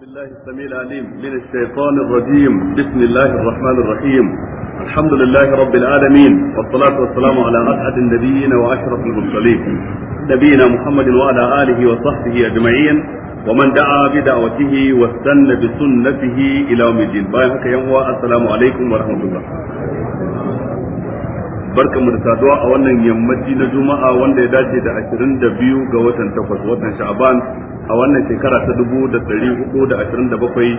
بسم الله السميع العليم من الشيطان الرجيم بسم الله الرحمن الرحيم الحمد لله رب العالمين والصلاة والسلام على أسعد النبيين وأشرف المرسلين نبينا محمد وعلى آله وصحبه أجمعين ومن دعا بدعوته واستنى بسنته إلى يوم الدين بايعك يوم السلام عليكم ورحمة الله barkan mu da saduwa a wannan yammaci na juma'a wanda ya dace da 22 ga watan 8 watan sha'ban a wannan shekara ta dubu da ɗari hudu da ashirin da bakwai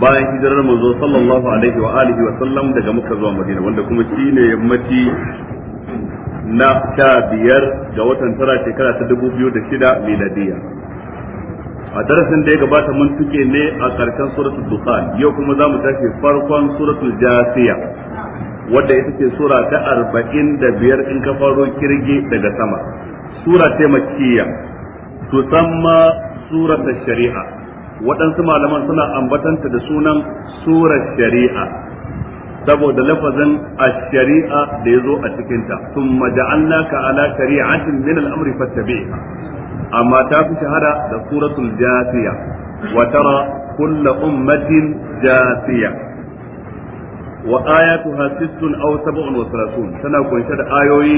bayan hijirar manzo sallallahu alaihi wa alihi wa sallam daga muka zuwa madina wanda kuma shi ne yammaci na sha biyar ga watan tara shekara ta dubu biyu da shida miladiya a darasin da ya gabata mun tuke ne a ƙarshen suratul dukkan yau kuma za mu tashi farkon suratul jasiya wadda ita ce sura ta arba'in da biyar in ka faro kirgi daga sama sura ce makkiya tusamma da shari'a waɗansu malaman suna ambatanta da sunan surar shari'a saboda lafazin a sharia da ya zo a cikinta. ta thumma ja'alnaka ala shari'atin min al-amri fattabi'ha amma ta fi shahara da suratul Jafiya wa tara kulla ummatin jasiya وآياتها ست أو سبع وثلاثون سنة كون شد آيوي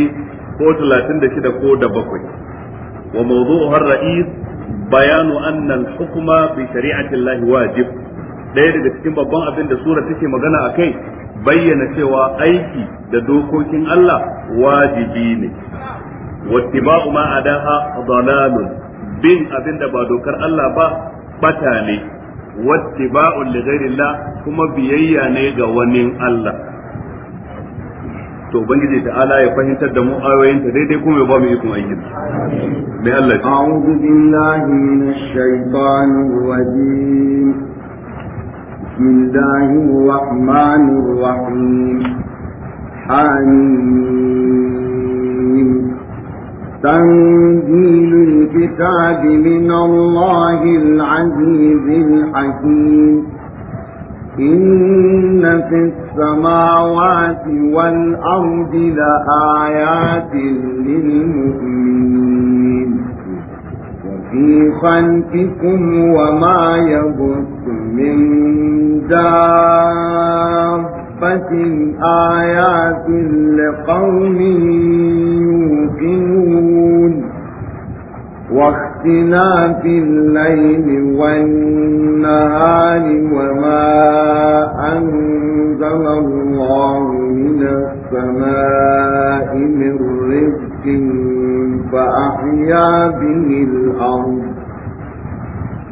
ko talatin da shida ko da bakwai wa mawdu'uhar ra'is bayanu annan hukuma bi Allah wajib ɗaya daga cikin babban abin da sura take magana a kai bayyana cewa aiki da dokokin Allah wajibi ne wattiba'u ma adaha dalalun bin abin da ba dokar Allah ba bata ne wattiba'u li Allah kuma biyayya ne ga wani Allah to ubangiji ta ala ya fahimtar da mu ayoyin ta daidai kuma ya ba mu ikon aikin mai Allah a'udhu billahi minash shaitanir rajim bismillahir rahmanir rahim amin تنزيل الكتاب من الله العزيز الحكيم إن في السماوات والأرض لآيات للمؤمنين وفي خلقكم وما يبث من دابة آيات لقوم يوقنون واختلاف الليل والنهار وما أنزل الله من السماء من رزق فأحيا به الأرض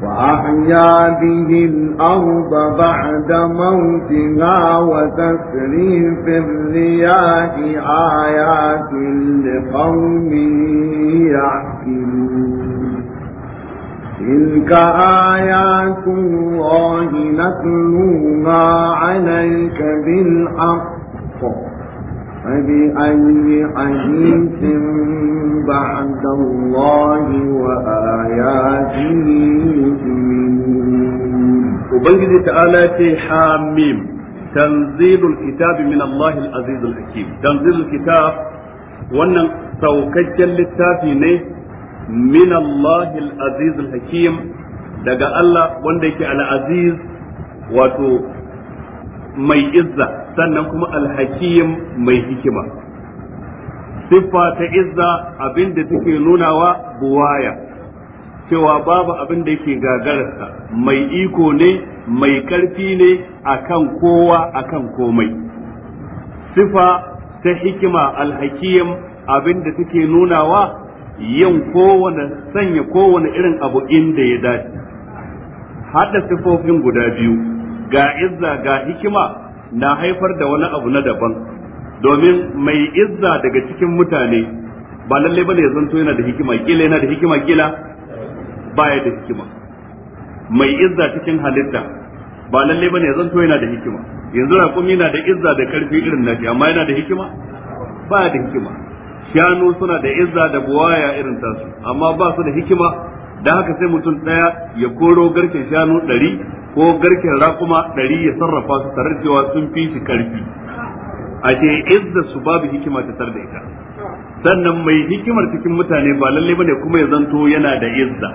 وأحيا به الأرض بعد موتها وتسريف الرياح آيات لقوم يعلمون تلك آيات الله نتلوها عليك بالحق فبأي حديث بعد الله وآياته يؤمنون وبنجد تعالى حاميم تنزيل الكتاب من الله العزيز الحكيم تنزيل الكتاب wannan saukakken littafi ne min Allah al-aziz daga Allah wanda yake al wato mai izza sannan kuma al mai hikima siffa ta izza abinda take nunawa buwaya cewa babu abin da yake gagararsa mai iko ne mai karfi ne akan kowa akan komai sifa ta hikima al-hakim abinda take nunawa yin kowane sanya kowane irin abu inda ya dace hada sifofin guda biyu ga izza ga hikima na haifar da wani abu na daban domin mai izza daga cikin mutane ba lalle ba ya zanto yana da hikima kila yana da hikima kila baya da hikima mai izza cikin halitta ba lalle ba ya zanto yana da hikima yanzu na kuma na da izza da karfi irin nashi amma yana da hikima baya da hikima shanu suna da izza da buwaya irin tasu amma ba su da hikima da haka sai mutum daya ya koro garken shanu ɗari ko garken raƙuma ɗari ya sarrafa su tare cewa sun fi shi karfi a ce izza su babu hikima ta tar da ita sannan mai hikimar cikin mutane ba lalle bane kuma ya zanto yana da izza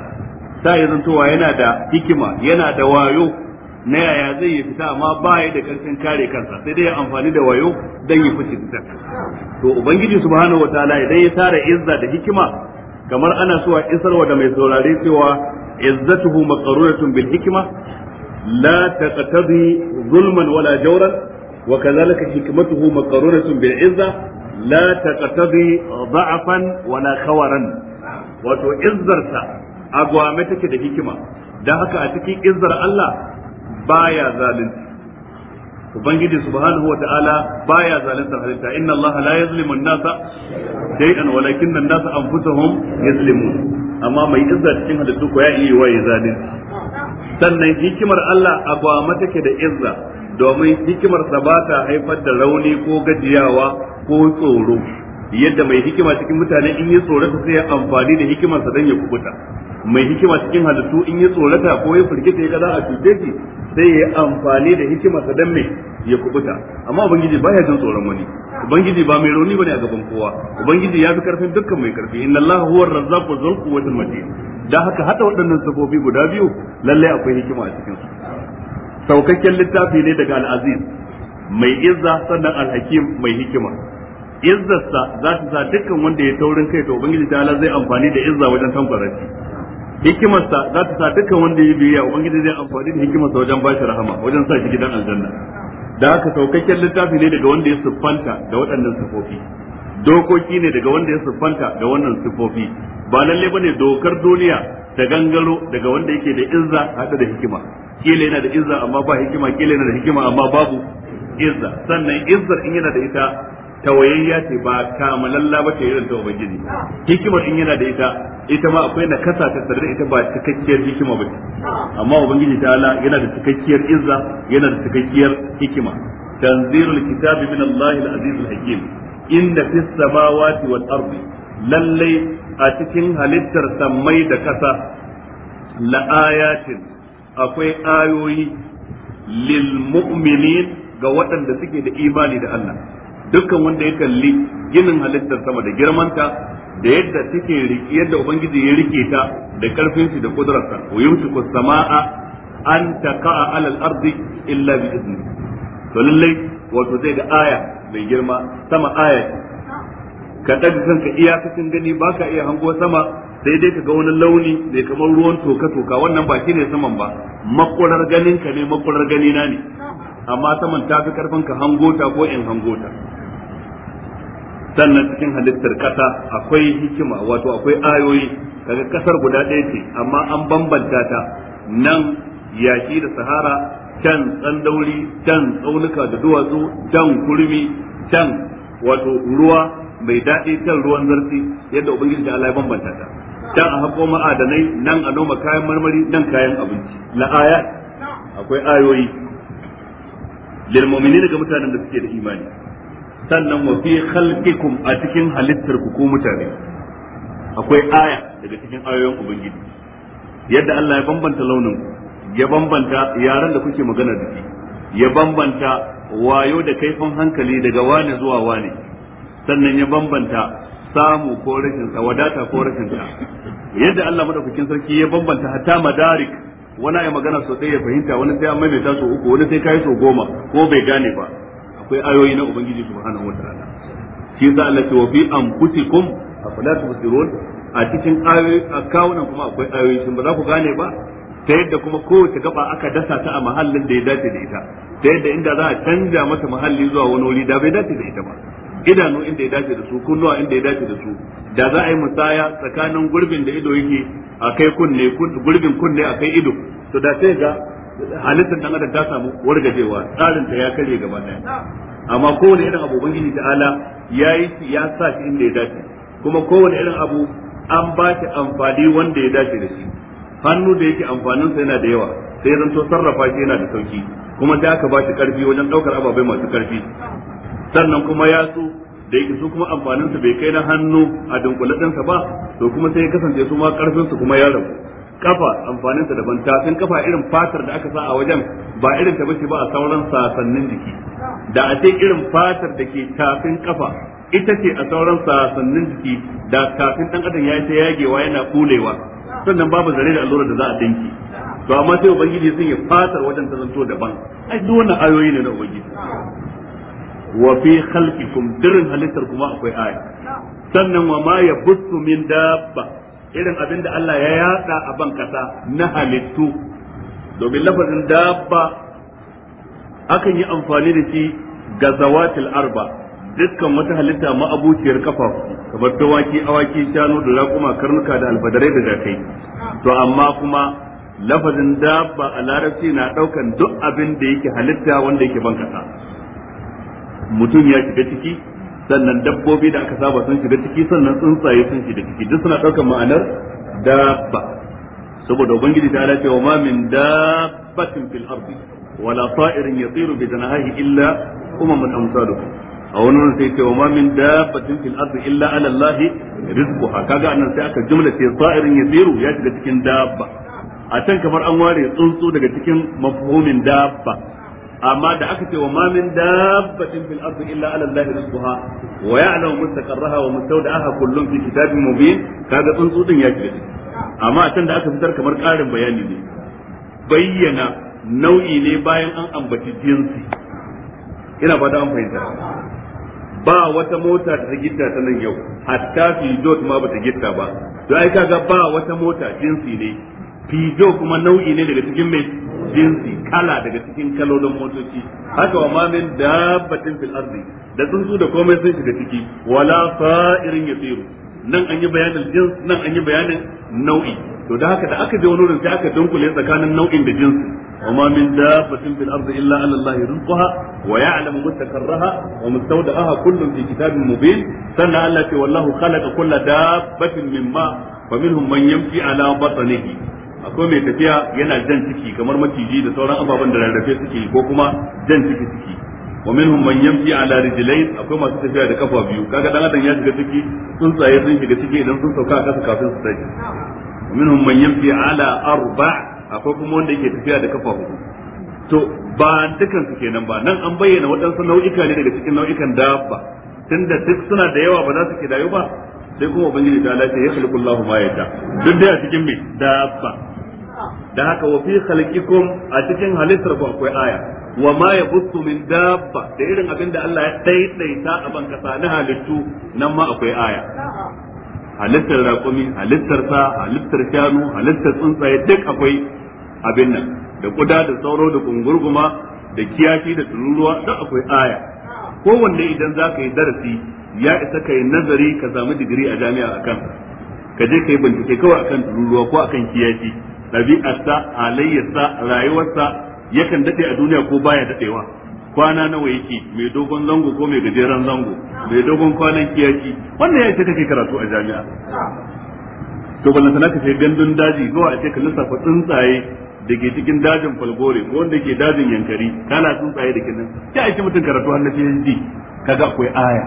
sa ya wa yana da hikima yana da wayo na yaya zai yi fita amma ba ya da karfin kare kansa sai dai ya amfani da wayo dan yi fushi fitar to ubangiji subhanahu wataala idan ya tara izza da hikima kamar ana so a isarwa da mai saurare cewa izzatuhu maqruratun bil hikma la taqtadi zulman wala jawran wa kadhalika hikmatuhu maqruratun bil izza la taqtadi da'afan wala khawaran wato izzarsa agwame take da hikima dan haka a cikin izzar Allah baya zalunci ubangiji subhanahu wa ta'ala baya zalunta halitta inna Allah la yuzlimu an-nasa shay'an walakin an-nasa anfusuhum yuzlimun amma mai izza cikin halittu ko ya iya waye zalunci sannan hikimar Allah agwama take da izza domin hikimar sa ba ta haifar da rauni ko gajiyawa ko tsoro yadda mai hikima cikin mutane in yi tsoro sai ya amfani da hikimarsa don ya kubuta mai hikima cikin halittu in yi tsorata ko ya firgita ya ga za a cuce shi sai ya amfani da hikima ta dan mai ya kubuta amma ubangiji ya jin tsoron wani ubangiji ba mai rauni bane a gaban kowa ubangiji ya fi karfin dukkan mai karfi inna allaha huwa razzaqu dhul quwwatil matin dan haka hada waɗannan sabobi guda biyu lalle akwai hikima a cikin su saukakken littafi ne daga al-aziz mai izza sannan al-hakim mai hikima izzarsa za ta sa dukkan wanda ya taurin kai to ubangiji ta zai amfani da izza wajen tankwara hikimarsa za ta sa dukkan wanda ya biya ubangiji zai amfani da hikimarsa wajen bashi rahama wajen sa shi gidan aljanna da haka saukakken littafi ne daga wanda ya siffanta da waɗannan sifofi dokoki ne daga wanda ya siffanta da wannan sifofi ba lalle bane dokar duniya ta gangaro daga wanda yake da izza haɗa da hikima kila yana da izza amma ba hikima kila yana da hikima amma babu izza sannan izzar in yana da ita tawayayya ce ba kamalalla ba ce irin ta ubangiji hikimar in yana da ita ita ma akwai nakasa ta tare ita ba cikakkiyar hikima ba ce amma ubangiji ta ala yana da cikakkiyar izza yana da cikakkiyar hikima tanzirul kitabi min Allah al-aziz al-hakim inna fis samawati wal ardi lallai a cikin halittar sammai da kasa la ayatin akwai ayoyi lil mu'minin ga waɗanda suke da imani da Allah dukkan wanda ya kalli ginin halittar sama da girmanta da yadda take yadda ubangiji ya rike ta da karfin shi da kudrarsa wa yumsiku samaa an taqa'a alal ardi illa bi idni to lalle wato zai ga aya mai girma sama aya ka daga kanka cikin gani baka iya hango sama sai dai ka ga wani launi mai kamar ruwan toka toka wannan ba shine saman ba makurar ganin ka ne makurar ganina ne amma saman ta fi karfin ka hangota ko in hangota sannan cikin halittar kasa akwai hikima wato akwai ayoyi daga kasar guda ɗaya ce amma an bambanta ta nan yaki da sahara can tsandauri can tsaunuka da duwatsu can kurmi can wato ruwa mai daɗi can ruwan zarti yadda ubangiji da Allah ya bambanta ta can a haƙo ma'adanai nan a noma kayan marmari nan kayan abinci la akwai ayoyi lil mu'minin ga mutanen da suke da imani sannan wa fi khalqikum a cikin halittar ku ko mutane akwai aya daga cikin ayoyin ubangiji yadda Allah ya bambanta launin ku ya bambanta yaran da kuke magana da shi ya bambanta wayo da kaifin hankali daga wani zuwa wani sannan ya bambanta samu ko rashin sa wadata ko rashin sa yadda Allah madaukakin sarki ya bambanta hatta madarik wani ya magana sau ɗaya ya fahimta wani sai an maimaita sau uku wani sai kai sau goma ko bai gane ba akwai ayoyi na ubangiji subhanahu wataala shi yasa Allah ce wa fi anfusikum afala tusirun a cikin ayoyi a kawunan kuma akwai ayoyi shin ba za ku gane ba ta yadda kuma kowace gaba aka dasa ta a mahallin da ya dace da ita ta yadda inda za a canja mata mahalli zuwa wani wuri da bai dace da ita ba idanu inda ya dace da su kunnuwa inda ya dace da su da za a yi musaya tsakanin gurbin da ido yake a kai kunne gurbin kunne a kai ido to da sai ga halittar dan adam ta samu wargajewa tsarin ta ya karye gaba daya amma kowane irin abu ta ala ya yi ya sa shi inda ya dace kuma kowane irin abu an ba shi amfani wanda ya dace da shi hannu da yake amfaninsa yana da yawa sai zan to sarrafa shi yana da sauki kuma sai aka ba shi karfi wajen daukar ababai masu karfi sannan kuma ya yatsu da yake su kuma amfanin sa bai kai na hannu a dunkule sa ba to kuma sai ya kasance su ma karfin su kuma ya rabu kafa amfanin sa daban tafin kafa irin fatar da aka sa a wajen ba irin ta bace ba a sauran sasannin jiki da a ce irin fatar da ke tafin kafa ita ce a sauran sasannin jiki da tafin dan adam ya ta yagewa yana kulewa sannan babu zare da allura da za a dinki to amma sai ubangiji sun yi fatar wajen ta zanto daban ai duk wannan ayoyi ne na ubangiji wa fi khalqikum dirin halittar kuma akwai aya sannan wa ma yabuttu min dabba irin abin da Allah ya yada a ban kasa na halittu domin lafazin dabba akan yi amfani da shi ga zawatil arba dukkan wata halitta ma'abuciyar kafa kamar dawaki awaki shanu da raƙuma karnuka da albadarai da jakai to amma kuma lafazin dabba a larabci na daukan duk abin da yake halitta wanda yake ban kasa mutum ya shiga ciki sannan dabbobi da aka saba sun shiga ciki sannan tsuntsaye sun shiga ciki duk suna ɗaukar ma'anar dabba saboda ubangiji ta ce wa ma min dabbatin fil ardi wala ta'irin yatiru bi janahihi illa umamun amsalukum a wani wurin sai ce wa ma min dabbatin fil ardi illa ala allahi rizquha kaga annan sai aka jumla ce ta'irin yatiru ya shiga cikin dabba a can kamar an ware tsuntsu daga cikin mafhumin dabba amma da aka ce wa ma min dabbatin fil ardi illa ala allahi rizquha wa ya'lamu mustaqarraha wa mustawda'aha kullun fi kitabin mubin kaga tsuntsu din ya shiga amma a can da aka fitar kamar karin bayani ne bayyana nau'i ne bayan an ambaci jinsi ina da an fahimta ba wata mota ta gitta ta nan yau hatta fi dot ma ba ta gitta ba to ai kaga ba wata mota jinsi ne fijo kuma nau'i ne daga cikin mai jinsi kala daga cikin kalolin motoci haka wa ma min dabbatin fil ardi da tsuntsu da komai sun shiga ciki wala sa'irin yasiru nan an yi bayanin jins nan an yi bayanin nau'i to da haka da aka je wani wurin sai aka dunkule tsakanin nau'in da jinsi wa ma min dabbatin fil ardi illa ala allahi rizquha wa ya'lamu mustaqarraha wa mustawda'aha kullun fi kitabin mubin sannan Allah ce wallahu khalaqa kulla dabbatin mimma fa minhum man yamshi ala batnihi akwai mai tafiya yana jan ciki kamar maciji da sauran ababen da rarrafe suke ko kuma jan ciki suke wa minhum man yamshi ala rijlayn akwai masu tafiya da kafa biyu kaga dan adam ya shiga ciki tsuntsaye sun shiga ciki idan sun sauka a kasa kafin su tafi wa minhum man yamshi ala arba akwai kuma wanda yake tafiya da kafa hudu to ba dukan su kenan ba nan an bayyana waɗansu nau'ika ne daga cikin nau'ikan dabba tunda duk suna da yawa ba za su ke dayo ba sai kuma ubangiji ta lafiya ya khalqullahu ma yata duk da cikin me dabba da haka wa fi khalqikum a cikin halittar ku akwai aya wa ma yabuttu min dabba da irin abin da Allah ya daidaita a ban kasa na halittu nan ma akwai aya halittar raƙumi halittar sa halittar shanu halittar tsuntsaye duk akwai abin nan da kuda da sauro da kungurguma da kiyashi da tururuwa duk akwai aya kowanne idan za ka yi darasi ya isa ka yi nazari ka samu digiri a jami'a akan ka je ka yi bincike kawai akan tururuwa ko akan kiyashi ɗabi'arsa alayyarsa rayuwarsa yakan daɗe a duniya ko baya daɗewa kwana nawa yake mai dogon zango ko mai gajeren zango mai dogon kwanan kiyaki wannan ya kake karatu a jami'a to ballan sana ka gandun daji zuwa a ce ka lissafa tsuntsaye da cikin dajin falgore ko wanda ke dajin yankari kana tsuntsaye da kinan a ake mutum karatu har na ji kaga akwai aya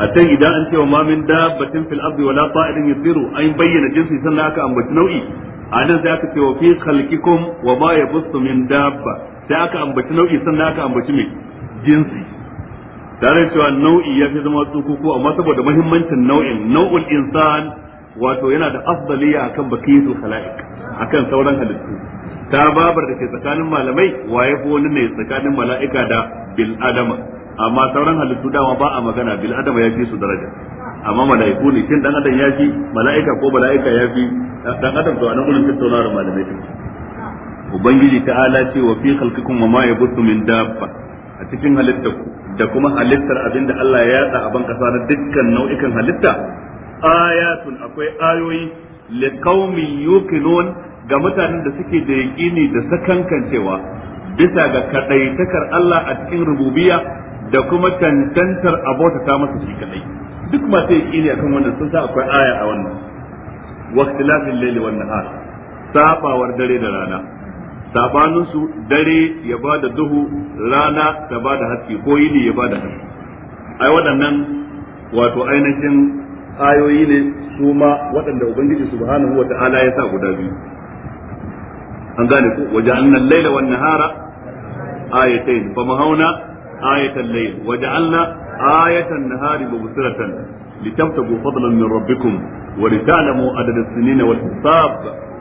a idan an cewa ma min dabbatin fil ardi wala ta'irin yasiru an bayyana jinsi sannan aka ambaci nau'i a nan sai aka ce wa fi khalqikum wa ma yabussu min dabba sai aka ambaci nau'i sannan aka ambaci mai jinsi tare cewa nau'i ya fi zama tsukuku amma saboda muhimmancin nau'in nau'ul insan wato yana da afdaliya akan bakiyatul khalaiq akan sauran halittu ta babar da ke tsakanin malamai waye ko wani ne tsakanin mala'ika da bil adama amma sauran halittu dama ba a magana bil adam ya fi su daraja amma mala'iku ne kin dan adam ya fi mala'ika ko mala'ika ya fi dan adam to anan gurin da malamai din ubangiji ta'ala ce wa fi khalqikum wa ma yabuthu min dabba a cikin halittar da kuma halittar abinda Allah ya yasa a ban kasa na dukkan nau'ikan halitta ayatun akwai ayoyi liqaumin yuqinun ga mutanen da suke da yaqini da sakankancewa bisa ga kadaitakar Allah a cikin rububiyya da kuma tantantar abota ta masa shi kadai duk masu yaƙini akan wannan sun sa akwai aya a wannan waqtilafil layli wan nahar sabawar dare da rana sabanin su dare ya bada duhu rana ta bada haske ko yini ya bada haske ai waɗannan wato ainihin ayoyi ne su ma waɗanda ubangiji subhanahu wa ta'ala ya sa guda biyu an gane ko waje annal laila wan nahara ayatayn fa mahawna آية الليل وجعلنا آية النهار مبصرة لتبتغوا فضلا من ربكم ولتعلموا عدد السنين والحساب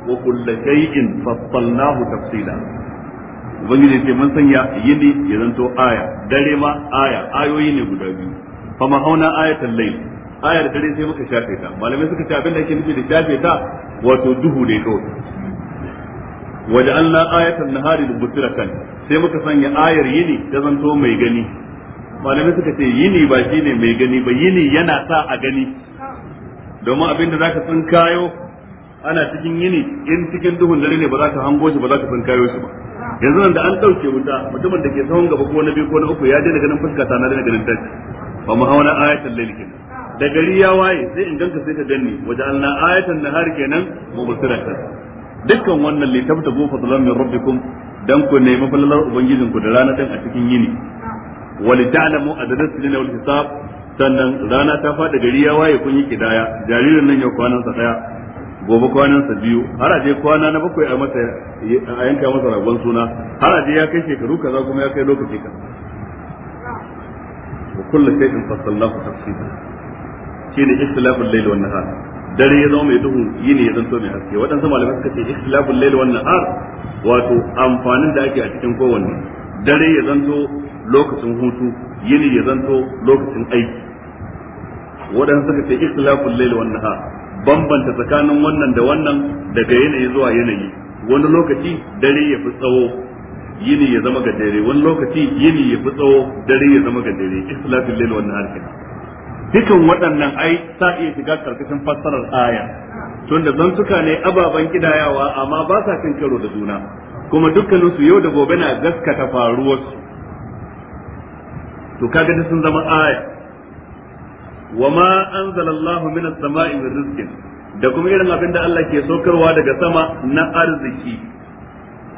وكل شيء فصلناه تفصيلا ubangiji ce mun sanya yini ya zanto aya dare ma aya ayoyi ne guda biyu fa hauna hauna ayatul Aya da dare sai muka shafe ta malamai suka ce abin da ake nufi da shafe ta wato duhu ne kawai waja'alna ayatul nahari mubsiratan sai muka sanya ayar yini ta zanto mai gani malamai suka ce yini ba shi ne mai gani ba yini yana sa a gani domin abinda ka san kayo ana cikin yini in cikin duhun dare ne ba za ka hango shi ba za ka san kayo shi ba yanzu nan da an dauke wuta mutumin da ke sahun gaba ko na biyu ko na uku ya daina ganin fuska ta na daina ganin tashi Ba mu hauna ayatul layl kenan da gari ya waye sai in ganka sai ka ganni waje alna ayatan nahar kenan mubsiratan dukkan wannan li gofa fadlan rabbikum dan ku nemi falalar ubangijin ku da rana din a cikin yini wal ta'lamu adadatu sidina wal hisab sannan rana ta fada gari ya waye kun yi kidaya jaririn nan ya kwanan sa daya gobe kwanan sa biyu har aje kwana na bakwai a masa a yanka masa ragon suna har aje ya kai shekaru kaza kuma ya kai lokaci ka wa kullu shay'in fassalnahu tafsila shine al layl wan nahar dare ya zama mai duhu yini ya zanto mai haske waɗansu malamai suka ce ikhtilaful layl wan nahar wato amfanin da ake a cikin kowanne dare ya zanto lokacin hutu yini ya zanto lokacin aiki waɗansu suka ce ikhtilaful layl wan nahar bambanta tsakanin wannan da wannan daga yanayi zuwa yanayi wani lokaci dare ya fi tsawo yini ya zama gajere wani lokaci yini ya fi tsawo dare ya zama gajere ikhtilaful layl wan nahar kenan dukan waɗannan ai sa iya shiga karkashin fassarar aya tunda zantuka ne ababen kidayawa amma ba sa cin karo da juna kuma dukkaninsu yau da gobe na gaskata faruwarsu to kaga da sun zama aya wa ma anzalallahu minas sama'i min rizqin da kuma irin abin da Allah ke saukarwa daga sama na arziki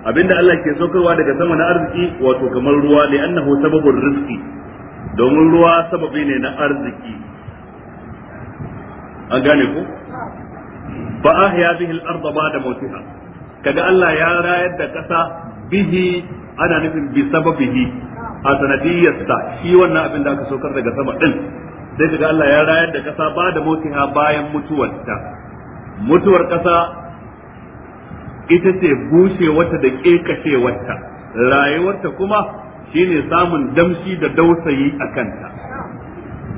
abin da Allah ke saukarwa daga sama na arziki wato kamar ruwa annahu sababur rizqi domin ruwa sababi ne na arziki an gane ku fa ya bihi al-ardh ba'da mawtiha kaga Allah ya rayar da kasa bihi ana nufin bi sababihi a sanadiyyarsa shi wannan abin da aka saukar daga sama din sai kaga Allah ya rayar da kasa ba da mawtiha bayan mutuwarta mutuwar kasa ita ce bushewarta da kekashewarta rayuwarta kuma shine samun damshi da dausayi a kanta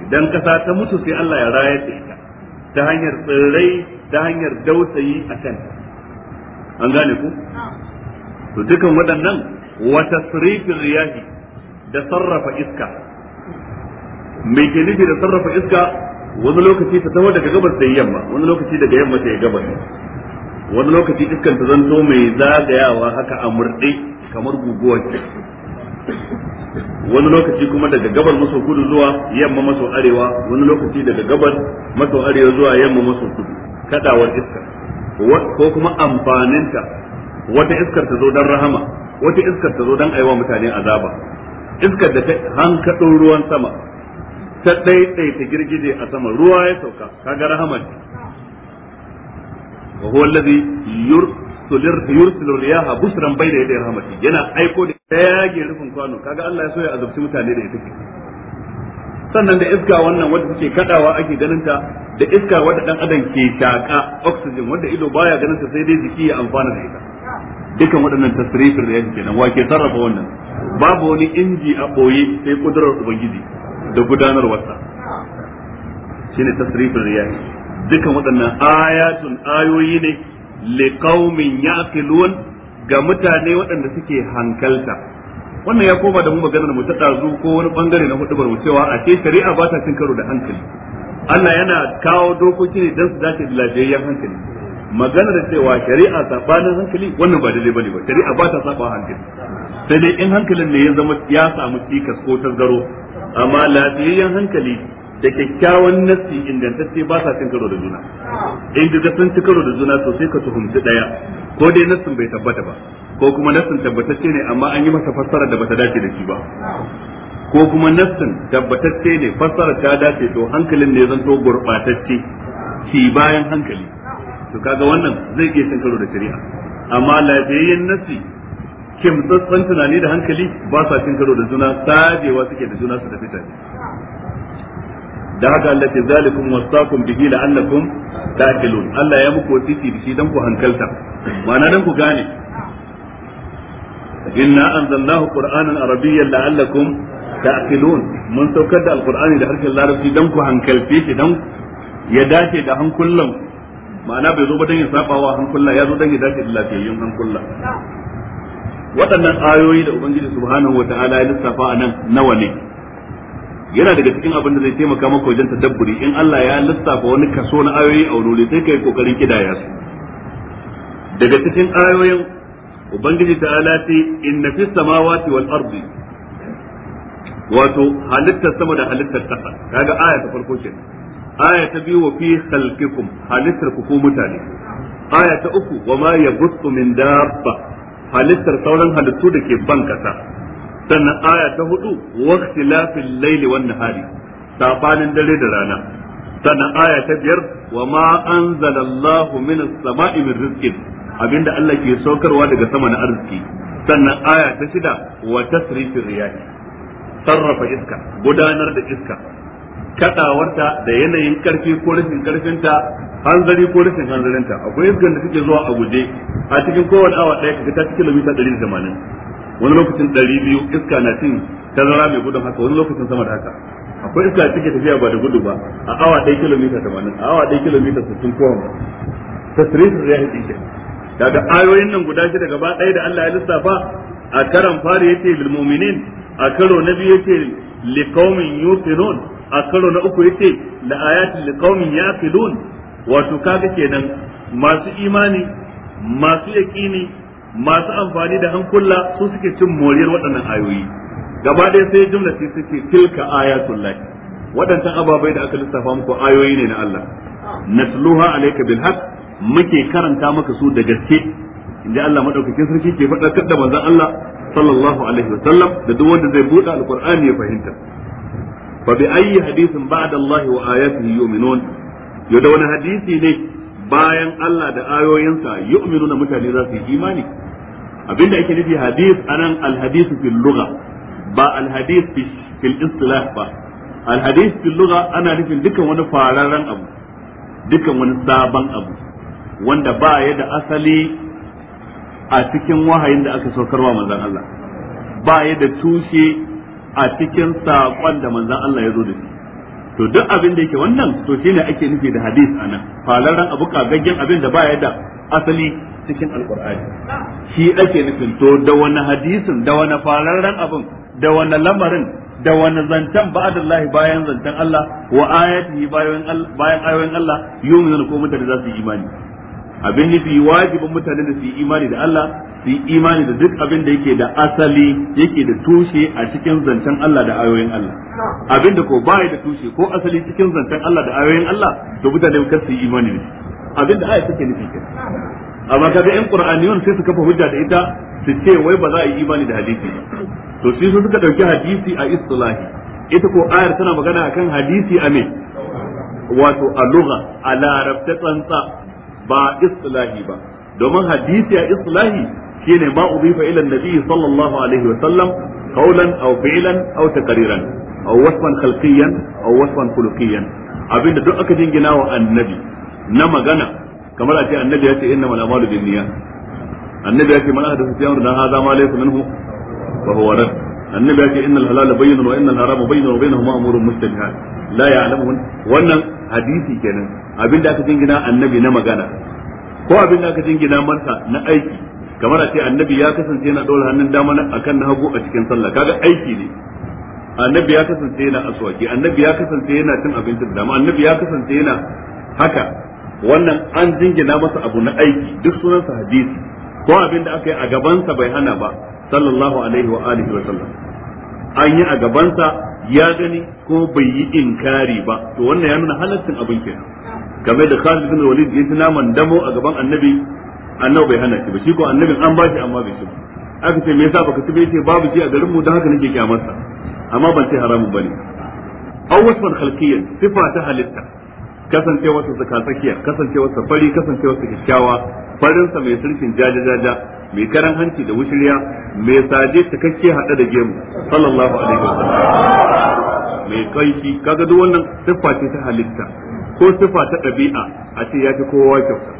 idan kasa ta mutu sai Allah ya rayar da ita ta hanyar tsirrai ta hanyar dausayi a kan an gane ku to dukan waɗannan wa tasrifin riyahi da sarrafa iska mai ke nufi da sarrafa iska wani lokaci ta taho daga gabas da yamma wani lokaci daga yamma ta gabas wani lokaci iskan ta zanto mai zagayawa haka a murɗe kamar guguwa wani lokaci kuma daga gabar maso kudu zuwa yamma maso arewa wani lokaci daga gabar maso arewa zuwa yamma maso kudu kadawar iska ko kuma amfaninta wata iskar ta zo don rahama wata iskar ta zo don aiwa mutane azaba iskar da ta hankaɗo ruwan sama ta ɗaiɗaita girgije a sama ruwa ya sauka kaga rahama ce wa huwa yur. yursilir riyaha busran bayna yaday rahmati yana aiko da yage rufin kwano kaga Allah ya so ya azabci mutane da ita sannan da iska wannan wanda take kadawa ake ganin ta da iska wanda dan adam ke taka oxygen wanda ido baya ganin ta sai dai jiki ya amfana da ita dukan waɗannan tasrifin da yake kenan wa ke sarrafa wannan babu wani inji a boye sai kudurar ubangiji da gudanarwarsa shine tasrifin riyahi dukan waɗannan ayatun ayoyi ne liqaumin yaqilun ga mutane waɗanda suke hankalta wannan ya koma da mu maganar mu ta dazu ko wani bangare na hudubar mu cewa a ce shari'a ba ta cin karo da hankali Allah yana kawo dokoki ne don su dace da lafiyayyen hankali magana da cewa shari'a sabanin hankali wannan ba daidai bane ba shari'a ba ta saba hankali sai dai in hankalin ne ya zama ya samu cikas ko tasgaro amma lafiyayyen hankali da kyakkyawan nassi ingantacce ba sa cin karo da juna in ga sun ci karo da juna to sai ka tuhumci daya ko dai nassin bai tabbata ba ko kuma nassin tabbatacce ne amma an yi masa fassara da bata dace da shi ba ko kuma nassin tabbatacce ne fassara ta dace to hankalin ne zan to gurbatacce ci bayan hankali to kaga wannan zai iya cin karo da shari'a amma lafiyayyen nassi kimtsatsan tunani da hankali ba sa cin karo da juna sajewa suke da juna su tafi tafi da haka Allah ke zalikum wasaqum bihi la'allakum ta'qilun Allah ya muku wasiti da shi dan ku hankalta ma'ana dan ku gane inna anzalnahu qur'anan arabiyyan la'allakum ta'qilun mun saukar da alqur'ani da harshen larabci dan ku hankalfe shi dan ya dace da hankulan ma'ana bai zo ba dan ya saba wa hankula ya zo dan ya dace da lafiyayyun hankula waɗannan ayoyi da ubangiji subhanahu wata'ala ya lissafa anan nawa ne yana daga cikin abin da zai taimaka maka wajen tadabburi in Allah ya lissafa wani kaso na ayoyi a wuri sai kai kokarin kidaya su daga cikin ayoyin ubangiji ta alati inna fis samawati wal ardi wato halittar sama da halittar kasa kaga aya ta farko ce aya ta biyu wa fi khalqikum halittar ku ko mutane aya ta uku wa ma yabuttu min dabba halittar sauran halittu da ke ban kasa sannan aya ta hudu waqtilafil laili wan nahari sabanin dare da rana sannan aya ta biyar wa ma anzalallahu minas sama'i min rizqin abinda Allah ke saukarwa daga sama na arziki sannan aya ta shida wa tasrifir riyahi sarrafa iska gudanar da iska kadawarta da yanayin karfi ko rashin karfinta hanzari ko rashin hanzarinta akwai iskan da take zuwa a guje a cikin kowane awa ɗaya kaga ta kilomita 180 wani lokacin ɗari biyu iska na cin tazara mai gudun haka wani lokacin sama da haka akwai iska take tafiya ba da gudu ba a awa ɗaya kilomita tamanin a awa ɗaya kilomita sittin ko ta tasirin ya haɗe ke daga ayoyin nan guda shida gaba ɗaya da Allah ya lissafa a karan fari ya lil mu'minin a karo na biyu yace li qaumin yuqinun a karo na uku yace la ayatin li qaumin yaqilun wato kaga kenan masu imani masu yaqini masu amfani da hankula su suke cin moriyar waɗannan ayoyi gaba ɗaya sai jumla ce suke tilka ayatul lahi waɗannan ababai da aka lissafa muku ayoyi ne na Allah nasluha alayka bil haqq muke karanta maka su da gaske inda Allah madaukakin sarki ke faɗakar da manzon Allah sallallahu alaihi wa sallam da duk wanda zai buɗe alqur'ani ya fahimta fa bi ayyi hadithin ba'da Allah wa ayatihi yu'minun yau da wani hadisi ne bayan Allah da ayoyinsa yu'minuna mutane za su yi imani abinda ake nufi hadith anan alhadith fil lugha ba alhadith fil istilah ba alhadith fil lugha ana nufin dukkan wani fararen abu dukkan wani sabon abu wanda ba ya da asali a cikin wahayin da aka saukarwa manzon Allah ba ya da tushe a cikin saƙon da manzon Allah ya zo da shi to duk abin da yake wannan to shine ake nufi da hadis anan falaran abu kagaggen abin da baya da asali cikin alqur'ani shi ake nufin to da wani hadisin da wani falaran abin da wani lamarin da wani zantan ba'adallahi bayan zantan Allah wa ayati bayan bayan ayoyin Allah ne ko mutane za su yi imani abin nufi wajibin mutane da su yi imani da Allah su yi imani da duk abin da yake da asali yake da tushe a cikin zancen Allah da ayoyin Allah abin da ko baya da tushe ko asali cikin zancen Allah da ayoyin Allah to mutane kar su yi imani ne abin da aya take nufi kenan amma kaga in qur'aniyun sai su kafa hujja da ita su ce wai ba za a yi imani da hadisi ba. to shi su suka dauki hadisi a istilahi ita ko ayar tana magana akan hadisi a me wato a lugha a larabta tsantsa ba istilahi ba domin hadisi a istilahi shine ma udifa ila nabi sallallahu alaihi wa sallam qawlan aw fi'lan aw taqriran aw wasfan khalqiyan aw wasfan khuluqiyan abinda duk aka jingina wa annabi na magana kamar a ce annabi ya ce innamal a'malu binniyat annabi ya ce man ahdatha fi amrina hadha ma laysa minhu fa huwa rad annabi ya ce innal halala bayyinun wa innal harama bayyinun wa bainahuma amrun mustabihat la ya'lamun wannan hadisi kenan abinda aka jingina annabi na magana ko abinda aka jingina masa na aiki kamar a ce annabi ya kasance yana dole hannun dama akan na hagu a cikin sallah kaga aiki ne annabi ya kasance yana aswaki annabi ya kasance yana cin abinci da dama annabi ya kasance yana haka wannan an jingina masa abu na aiki duk sunansa hadisi ko abin da aka yi a gabansa bai hana ba sallallahu alaihi wa alihi wa sallam an yi a gabansa ya gani ko bai yi inkari ba to wannan ya nuna halaccin abin kenan game da Khalid bin Walid ya ci naman damo a gaban annabi annabi bai hana shi ba shi ko annabin an ba amma bai ci aka ce me yasa baka ci bai ce babu shi a garin mu dan haka nake kyamarsa amma ban ce haramun bane ne. khalqiyyan sifa ta halitta kasancewarsa zakatsakiya kasancewarsa fari kasancewarsa kyakkyawa sa mai sulkin jaja-jaja mai karan hanci da wushiriya mai saje ta kakke hada da gemu sallallahu alaihi wasallam mai kaishi kaga duk wannan siffa ce ta halitta ko siffa ta ɗabi'a a ce ya fi kowa kyauta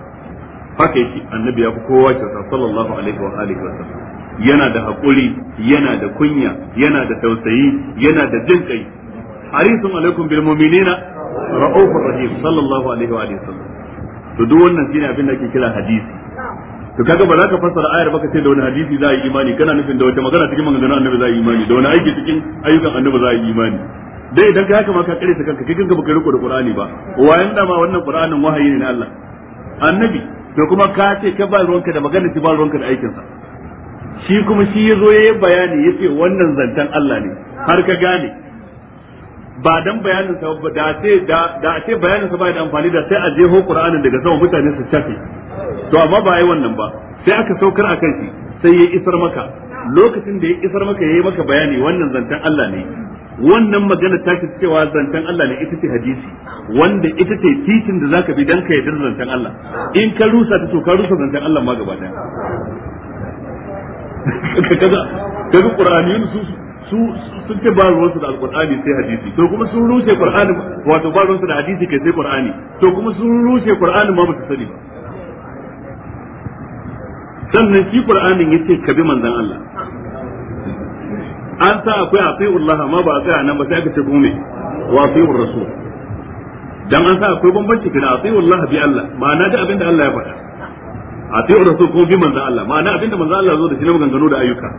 haka yake annabi ya fi kowa kyauta sallallahu alaihi wa alihi wasallam yana da haƙuri yana da kunya yana da tausayi yana da jin kai harisun alaikum bil mu'minina ra'ufur rahim sallallahu alaihi wa wasallam to duk wannan shine abin da ake kira hadisi to kaga ba za ka fassara ayar ba ka ce da wani hadisi za a yi imani kana nufin da wata magana cikin maganganun annabi za a yi imani da wani aiki cikin ayyukan annabi za a yi imani dai idan ka haka ma ka kare ta kanka kai kanka baka riko da qur'ani ba wayan da ma wannan qur'anin wahayi ne na Allah annabi to kuma ka ce ka ba ruwanka da magana ci ba ruwanka da aikinsa shi kuma shi yazo yayi bayani yace wannan zantan Allah ne har ka gane ba dan bayanin sa ba da sai da da ce bayanin sa ba da amfani da sai a ho Qur'anin daga sama mutane su cafe to amma ba ai wannan ba sai aka saukar akan shi sai ya isar maka lokacin da ya isar maka yayi maka bayani wannan zantan Allah ne wannan magana ta ce cewa zantan Allah ne ita ce hadisi wanda ita ce titin da zaka bi dan ka yarda zantan Allah in ka rusa ta to ka rusa zantan Allah ma gaba daya kaga kaga Qur'ani su su sun ce ba ruwansu da alkur'ani sai hadisi to kuma sun rushe qur'ani wato ba ruwansu da hadisi kai sai qur'ani to kuma sun rushe qur'ani ma ba sani ba sannan shi qur'anin yace ka bi manzon Allah an sa akwai atiullah ma ba ga nan ba sai aka ce kuma wa atiur rasul dan an sa akwai bambanci kana atiullah bi Allah ma'ana da abinda Allah ya faɗa atiur rasul ko bi manzon Allah ma'ana abinda manzon Allah zo da shi na maganganu da ayyuka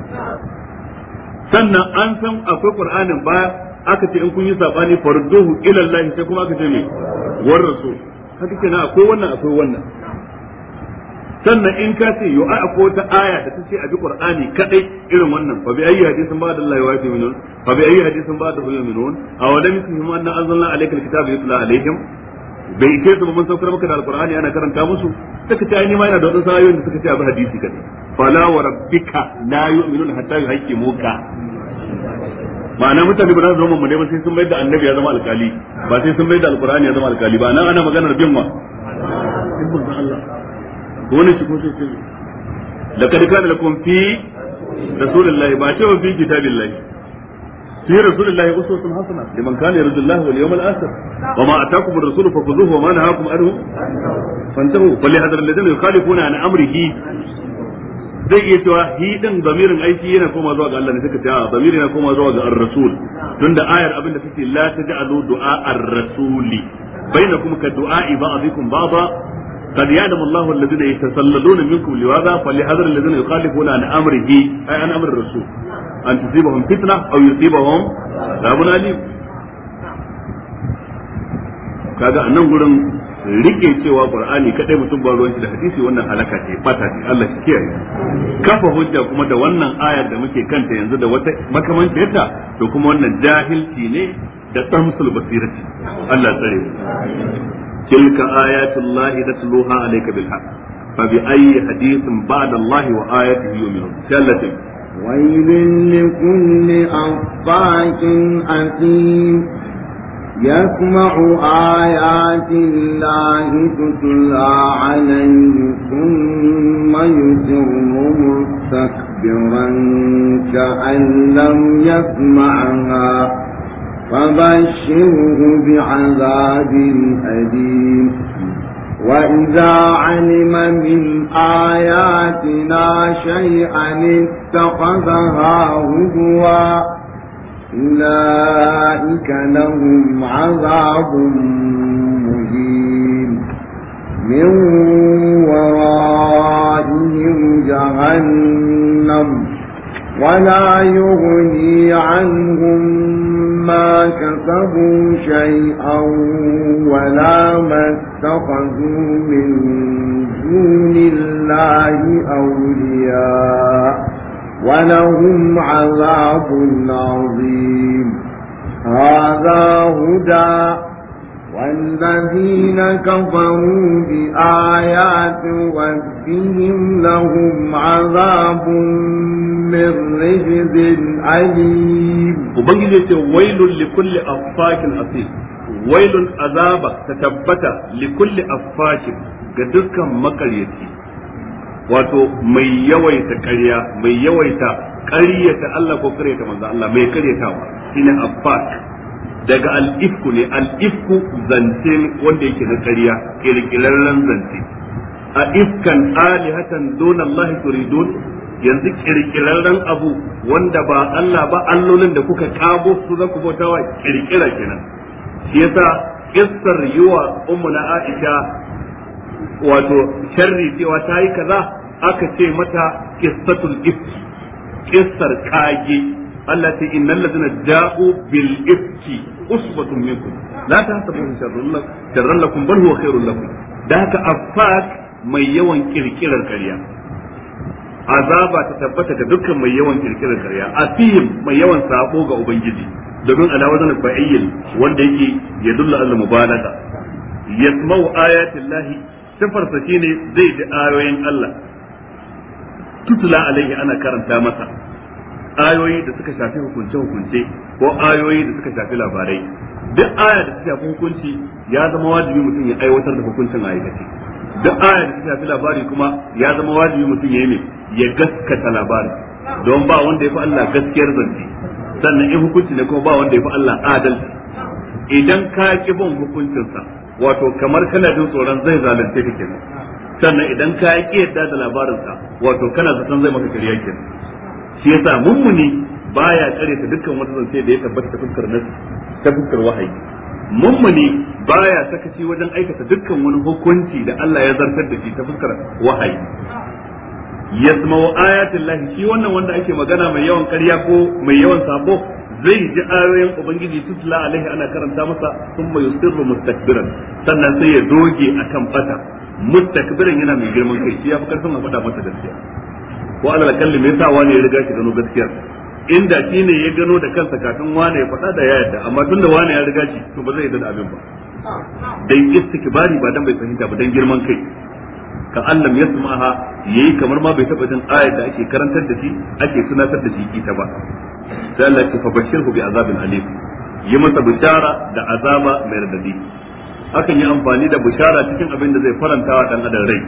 sannan an san akwai qur'anin ba aka ce in kun yi sabani farduhu ila Allah sai kuma aka ce me war rasul haka kenan akwai wannan akwai wannan sannan in ka ce yau a ko ta aya da ta a bi qur'ani kadai irin wannan fa bi ayyi hadisin ba da Allah ya wafi minun fa bi ayyi hadisin ba da hu minun aw lam yakun anna anzalna alayka alkitaba yutla alaihim bai ke su mun saukar maka da alqur'ani ana karanta musu suka ce ai ni ma yana da wadansu ayoyin da suka ce a bi hadisi kadai fala wa rabbika la yu'minuna hatta yuhaqqimuka ma'ana mutane ba za su zama mu ba sai sun bai da annabi ya zama alkali ba sai sun bai da alkur'ani ya zama alkali ba nan ana maganar bin wa wani shi ko sai ce laqad kana lakum fi rasulillahi ba ce wa fi kitabillahi fi rasulillahi uswatun hasana liman kana yarju Allah wal yawmal akhir wa ma atakum ar-rasulu fakhudhuhu wa ma nahakum anhu fantahu falyahzar alladhina yukhalifuna zai iya cewa hi din aiki yana koma zuwa ga Allah ne suka ce a bamirin yana koma zuwa ga ar-rasul tunda ayar abin da take la taj'alu du'a ar-rasuli bainakum ka du'a'i ba'dikum قد يعلم الله الذين يتسللون منكم لواذا فليحذر الذين يخالفون عن امره اي عن امر الرسول ان تصيبهم فتنه او يصيبهم عذاب اليم kaga a nan rike cewa qur'ani kadai mutum ba ruwan shi da hadisi wannan halaka ce bata ce Allah shi kiyaye kafa hujja kuma da wannan ayar da muke kanta yanzu da wata makamancin yadda, to kuma wannan jahilci ne da tamsul basirati Allah tsare mu tilka ayatullahi natluha alayka bil haqq fa bi ayyi hadithin ba'da Allah wa ayatihi yu'minun sallatin ويل لكل أفاك أثيم يسمع آيات الله تتلى عليه ثم يسر مستكبرا كأن لم يسمعها فبشره بعذاب أليم وإذا علم من آياتنا شيئا اتخذها هدوا أولئك لهم عذاب مهين من ورائهم جهنم ولا يغني عنهم ما كسبوا شيئا ولا ما اتخذوا من دون الله أولياء ولهم عذاب عظيم هذا هدى والذين كفروا بآيات ربهم لهم عذاب من رجز أليم وبنجي ويل لكل أفاك أثيم ويل عذاب تتبت لكل أفاك قدرك مكريتي wato mai yawaita ƙarya mai yawaita ƙaryata Allah ko ƙaryata manzo Allah mai ƙaryatawa shine abbas daga al-ifku ne al-ifku zance wanda yake na ƙarya kirkirarren zance a ifkan alihatan dun Allah turidun yanzu kirkirarren abu wanda ba Allah ba allolin da kuka kabo su za ku bautawa kirkira kenan shi yasa kissar yuwa ummu na Aisha wato sharri cewa ta yi kaza aka ce mata qissatul ifki qissar kage Allah ta innal ladina da'u bil ifki usbatun minkum la tahsabuhu sharrun lakum sharrun lakum bal huwa khairul lakum da haka afak mai yawan kirkirar ƙarya azaba ta tabbata ga dukkan mai yawan kirkirar ƙarya afihim mai yawan sabo ga ubangiji domin ala wazan fa'il wanda yake ya al mubalaga yasma'u ayati llahi sifarsa shi ne zai ji ayoyin Allah tutula alaihi ana karanta masa ayoyi da suka shafi hukunce hukunce ko ayoyi da suka shafi labarai duk aya da suka shafi hukunci ya zama wajibi mutum ya aiwatar da hukuncin aikace duk aya da suka shafi labari kuma ya zama wajibi mutum ya yi ya gaskata labari don ba wanda ya fi Allah gaskiyar zance sannan in hukunci ne kuma ba wanda ya fi Allah adalci idan ka ki bin hukuncinsa wato kamar kana jin tsoron zai zalunce ka kenan sannan idan ka yi yadda da labarinsa wato kana zaton zai maka kariya kenan shi yasa mummuni baya kare ta dukkan wata zance da ya tabbata ta fuskar nasi ta fuskar wahayi mummuni baya sakaci wajen aikata dukkan wani hukunci da Allah ya zartar da shi ta fuskar wahayi yasma'u ayatin shi wannan wanda ake magana mai yawan ƙarya ko mai yawan sabo zai ji ayoyin ubangiji tutla alaihi ana karanta masa sun mai sirri mustakbiran sannan sai ya doge akan fata mustakbiran yana mai girman kai shi ya fi karfin a faɗa masa gaskiya ko alal kalli me sa wani ya riga shi gano gaskiyar inda shi ne ya gano da kansa kafin wani ya faɗa da ya yadda amma tun da wani ya riga shi to ba zai yadda da abin ba dan istikbari ba dan bai fahimta ba dan girman kai ka allam ya yi kamar ma bai taba jin ayar da ake karantar da shi ake tunatar da shi ita ba sai Allah ya fabashirhu bi azabin alim yi masa bishara da azaba mai radadi akan yi amfani da bishara cikin abin da zai faranta wa dan adam rai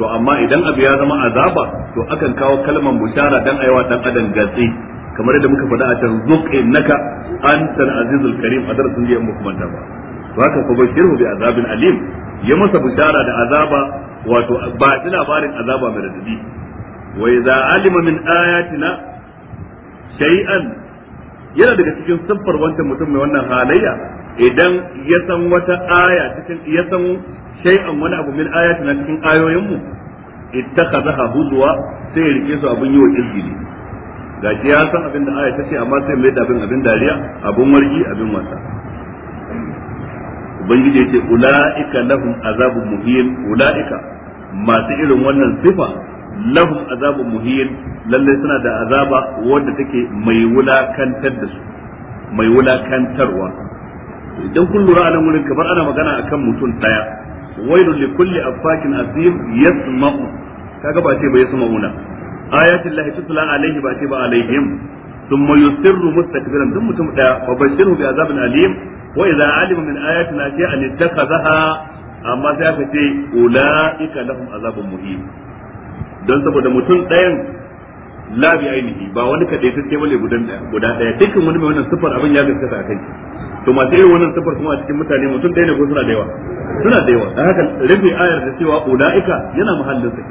to amma idan abu ya zama azaba to akan kawo kalmar bishara dan aiwa dan adam gatsi kamar yadda muka faɗa a can zuq innaka antal azizul karim a darasin da muka manta ba to haka fa bashiru bi azabin alim ya masa bishara da azaba wato ba ji labarin azaba mai radadi wa idza alima min ayatina shay'an yana daga cikin siffar wancan mutum mai wannan halayya idan ya san wata aya cikin ya san shay'an wani abu min ayatina cikin ayoyin mu ittakhadha huzwa sai rike su abun yi wa izgili ya san abin da aya ta ce amma sai mai da abin abin dariya abin wargi abin wasa ubangiji yace ulaika lahum azabun muhin ulaika masu irin wannan sifa lahum azabun muhin lalle suna da azaba wanda take mai wulakantar da su mai wulakantarwa idan kun lura nan wurin kamar ana magana akan mutum daya wailul likulli affakin azim yasma'u kaga ba ce ba Yasma'u yasma'una ayatul lahi tutla alaihi ba ce ba alaihim thumma yusirru mustakbiran duk mutum daya fa bashiru bi azabin alim wa idza alima min ayatina an ittakhadha amma sai aka ce ulaika lahum azabun muhim don saboda mutum dayan labi ainihi ba wani kade sai ce bale gudan guda daya dukkan wani mai wannan sifar abin ya gaskata a kai to ma sai wannan sifar kuma a cikin mutane mutum dayan ne ko suna da yawa suna da yawa dan haka rufe ayar da cewa ulaika yana muhallin sa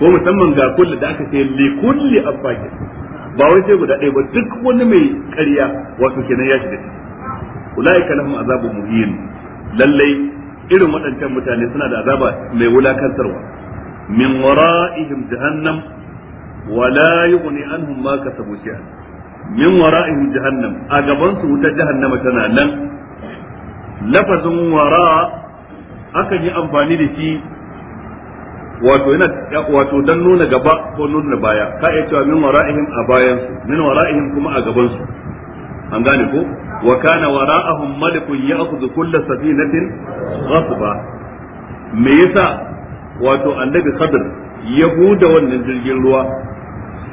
ko musamman ga kulli da aka ce li kulli affakin ba wai sai guda ɗaya ba duk wani mai ƙarya wato kenan ya shiga ciki ulaika lahum azabun muhin lallai irin waɗancan mutane suna da azaba mai wulakantarwa min wara'ihim jahannam wa la yughni anhum ma kasabu shay'an min wara'ihim jahannam a gaban su wutar jahannama tana nan lafazin wara aka yi amfani da shi wato yana wato dan nuna gaba ko nuna baya ka iya cewa min wara'ihim a bayan su min wara'ihim kuma a gaban su an gane ko wa وراءهم ملك malikun كل kulla غصبا ميسا me yasa wato annabi Khadir ya huda wannan jirgin ruwa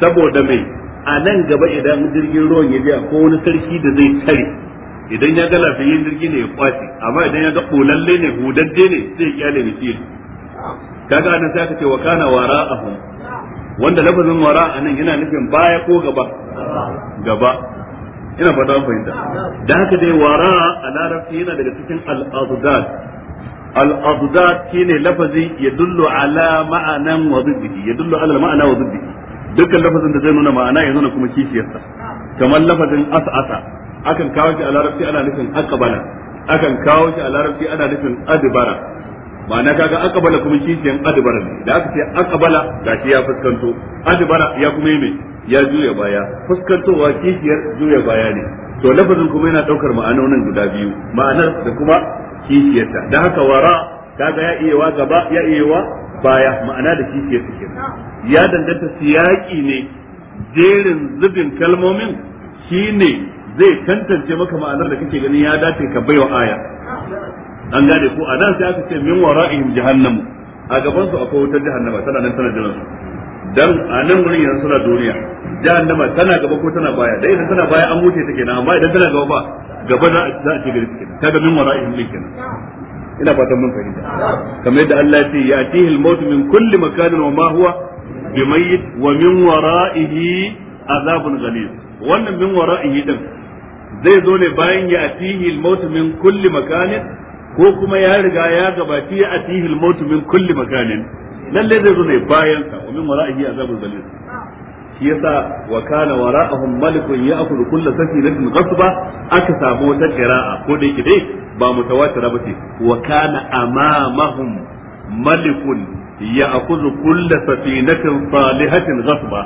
saboda mai a nan gaba idan jirgin ruwan ya biya ko wani sarki da zai tare idan ya ga lafiyayyen jirgi ne ya kwace amma idan ya ga kolalle ne hudadde ne zai kyale da shi kaga anan sai aka ce wa kana wara'ahum wanda lafazin wara anan yana nufin baya ko gaba gaba ina fata an fahimta da haka dai wara a larabci yana daga cikin al-azdat al ne lafazi ya dullo ala ma'anan wa ya dullo ala ma'ana wa ziddihi dukkan lafazin da zai nuna ma'ana ya nuna kuma kishiyarsa kamar lafazin as'asa akan kawo shi a larabci ana nufin aqbala akan kawo shi a larabci ana nufin adibara ma'ana kaga aqbala kuma kishiyan adibara ne da aka ce aqbala gashi ya fuskanto adibara ya kuma yi mai ya juya baya fuskantowa kishiyar juya baya ne to lafazin kuma yana daukar ma'anonin guda biyu ma'anar da kuma kishiyarta da haka wara kaga ya iya wa gaba ya iya wa baya ma'ana da kishiyarta kenan ya danganta siyaki ne jerin zubin kalmomin shine zai tantance maka ma'anar da kake ganin ya dace ka baiwa aya an gane ko anan sai aka ce min wara'ihim jahannamu a gaban su akwai wutar jahannama tana nan tana jiran su dan anan gurin yanzu suna duniya jahannama tana gaba ko tana baya dai idan tana baya an wuce take nan amma idan tana gaba ba gaba za a ce gari take kaga min wara'ihim likin ina fatan mun fahimta kamar yadda Allah ya ce yatihi al-maut min kulli makanin wa ma huwa bimayyit wa min wara'ihi azabun ghalid wannan min wara'ihi din zai zo ne bayan yatihi al-maut min kulli makanin ko kuma ya riga ya gabaci yatihi al-maut min kulli makanin lalle zai zo ne bayan sa wa min wara'ihi azabun ghalid shi yasa wa kana wara'ahum malikun ya'khudhu kull safinatin ghasba aka samu wata qira'a ko dai yake dai ba mutawatira ce wa kana amamahum malikun ya'khudhu kull safinatin salihatin ghasba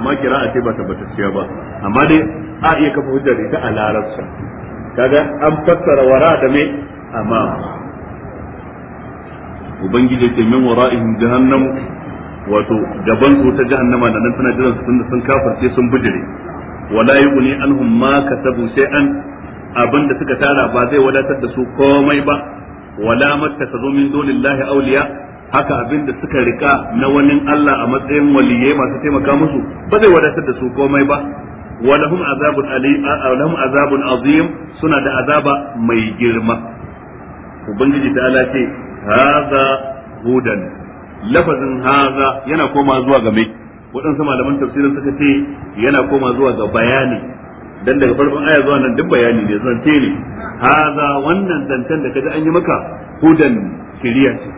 amma qira'a ce ba tabbatacciya ba amma dai a iya kafa hujja da ita a larabci kaga an fassara wara da me amama ubangiji ce min wara'ihim jahannam wato gaban su ta jahannama da nan tana jiran su tunda sun kafirce sun bijire wala yughni anhum ma kasabu shay'an abinda suka tara ba zai wadatar da su komai ba wala mattakhadhu min dunillahi awliya haka abinda suka rika na wani Allah a matsayin waliyai masu taimaka musu ba zai wadatar da su komai ba walahum azabun alim walahum azabun azim suna da azaba mai girma ubangiji ta ce hadha lafazin haza yana koma zuwa ga mai waɗansu malaman tafsirin suka ce yana koma zuwa ga bayani dan daga farkon aya zuwa nan duk bayani ne zance ne haza wannan zancen da kaji an yi maka hudan shiriya ce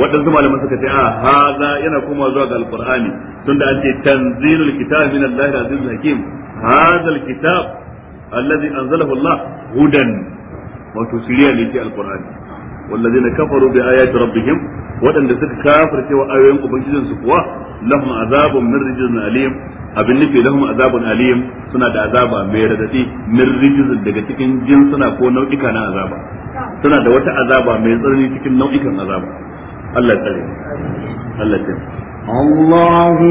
waɗansu malaman suka ce a haza yana koma zuwa ga alqur'ani tunda an ce tanzilul kitab min allahi azizul hakim hadha alkitab alladhi anzalahu allah hudan wato shiriya ne ce alqur'ani والذين كفروا بآيات ربهم waɗanda suka kafar cewa ayoyin ubangijin su kuwa lahum azabun min rijzin alim abin nufi lahum azabun alim suna da azaba mai radadi min rijzin daga cikin jinsuna ko nau'ika na azaba suna da wata azaba mai tsanani cikin nau'ikan azaba Allah tsare Allah tsare Allahu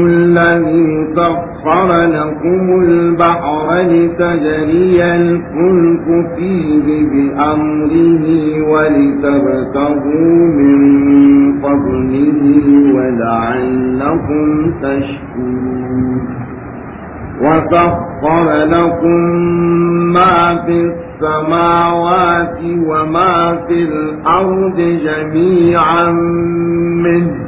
سخر لكم البحر لتجري الفلك فيه بأمره ولتبتغوا من فضله ولعلكم تشكرون وسخر لكم ما في السماوات وما في الأرض جميعا منه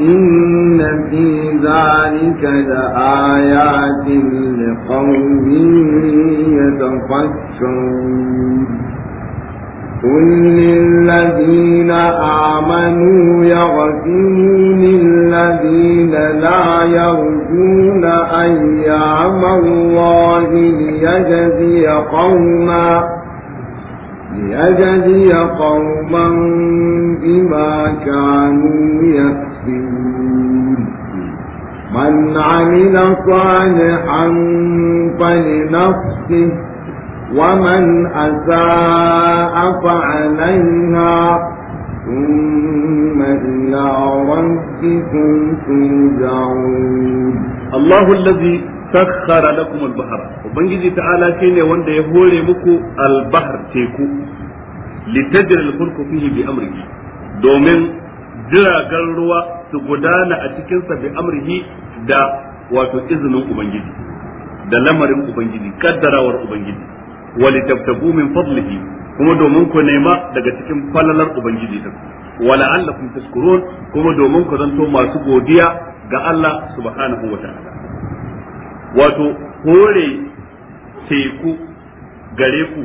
إن في ذلك لآيات لقوم يتفكرون قل للذين آمنوا يغفروا للذين لا يرجون أيام الله ليجزي قوماً ليجزي قوما بما كانوا يكسبون من عمل صالحا فلنفسه ومن أساء فعليها ثم إلى ربكم ترجعون الله الذي سخر لكم البحر وبنجي تعالى كيني وند يهوري مكو البحر تيكو لتجري الفلك فيه بأمره دومين jiragen ruwa su gudana a cikin sa bi amrihi da wato izinin ubangiji da lamarin ubangiji kaddarawar ubangiji wali tabtabu min fadlihi kuma domin ku nema daga cikin falalar ubangiji da wala allakum tashkurun kuma domin ku zanto masu godiya ga Allah subhanahu wa ta'ala wato hore teku gare ku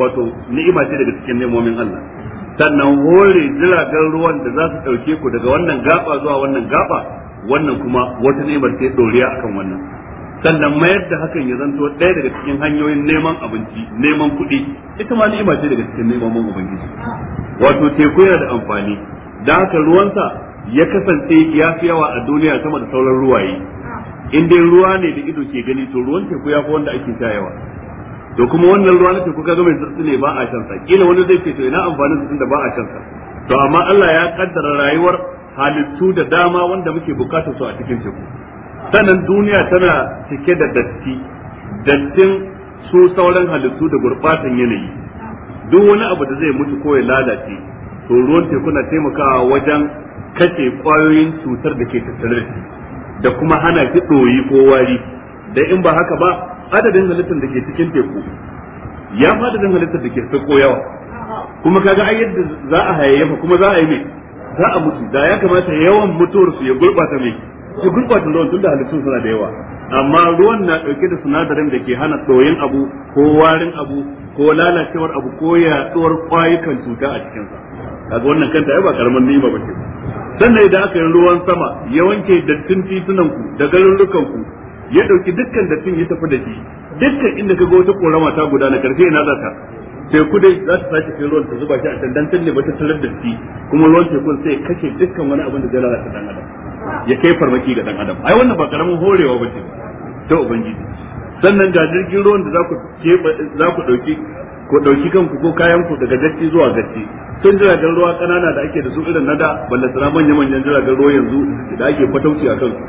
wato ni'ima daga cikin nemomin Allah sannan hore jiragen ruwan da za su ɗauke ku daga wannan gaba zuwa wannan gaba wannan kuma wata nemar ce ɗoriya akan wannan sannan mayar da hakan ya zanto ɗaya daga cikin hanyoyin neman abinci neman kuɗi ita ma ni'ima ce daga cikin neman man abinci wato teku yana da amfani da haka ruwansa ya kasance ya fi yawa a duniya sama da sauran ruwaye in dai ruwa ne da ido ke gani to ruwan teku ya fi wanda ake sha yawa to kuma wannan ruwa na teku kaga mai tsatsi ne ba a shan sa kila wani zai ce to ina amfanin su da ba a shan sa to amma Allah ya kaddara rayuwar halittu da dama wanda muke bukatar su a cikin teku sannan duniya tana cike da datti dattin su sauran halittu da gurbatan yanayi duk wani abu da zai mutu ko ya lalace to ruwan teku na taimakawa wajen kace kwayoyin cutar da ke tattare da kuma hana ki doyi ko wari da in ba haka ba adadin halittar da ke cikin teku ya fi adadin halittar da ke sako yawa kuma kaga ai yadda za a hayayyafa kuma za a yi mai za a mutu da ya kamata yawan mutuwar su ya gurbata mai ya gurbata ruwan da halittun suna da yawa amma ruwan na dauke da sinadarin da ke hana tsoyin abu ko warin abu ko lalacewar abu ko yaduwar kwayukan cuta a cikinsa kaga wannan kanta ai ba karaman ni'ima ke sannan idan aka yi ruwan sama ya wanke dattin titunanku da garurrukanku ya dauki dukkan da tun ya tafi da shi dukkan inda kaga wata korama ta na karfe na za ta ku dai za ta sake kai ruwan ta zuba shi a can dan ba ta tarar da shi kuma ruwan tekun sai kashe dukkan wani abin da zai lalata dan adam ya kai farmaki ga dan adam ai wannan ba karamin horewa ba ce ta ubangiji sannan ga jirgin ruwan da za ku za ku dauki ku dauki kanku ko kayan ku daga gatti zuwa gatti sun jiragen ruwa kanana da ake da su irin nada balla tsara manya manyan jiragen ruwa yanzu da ake fatauci a kansu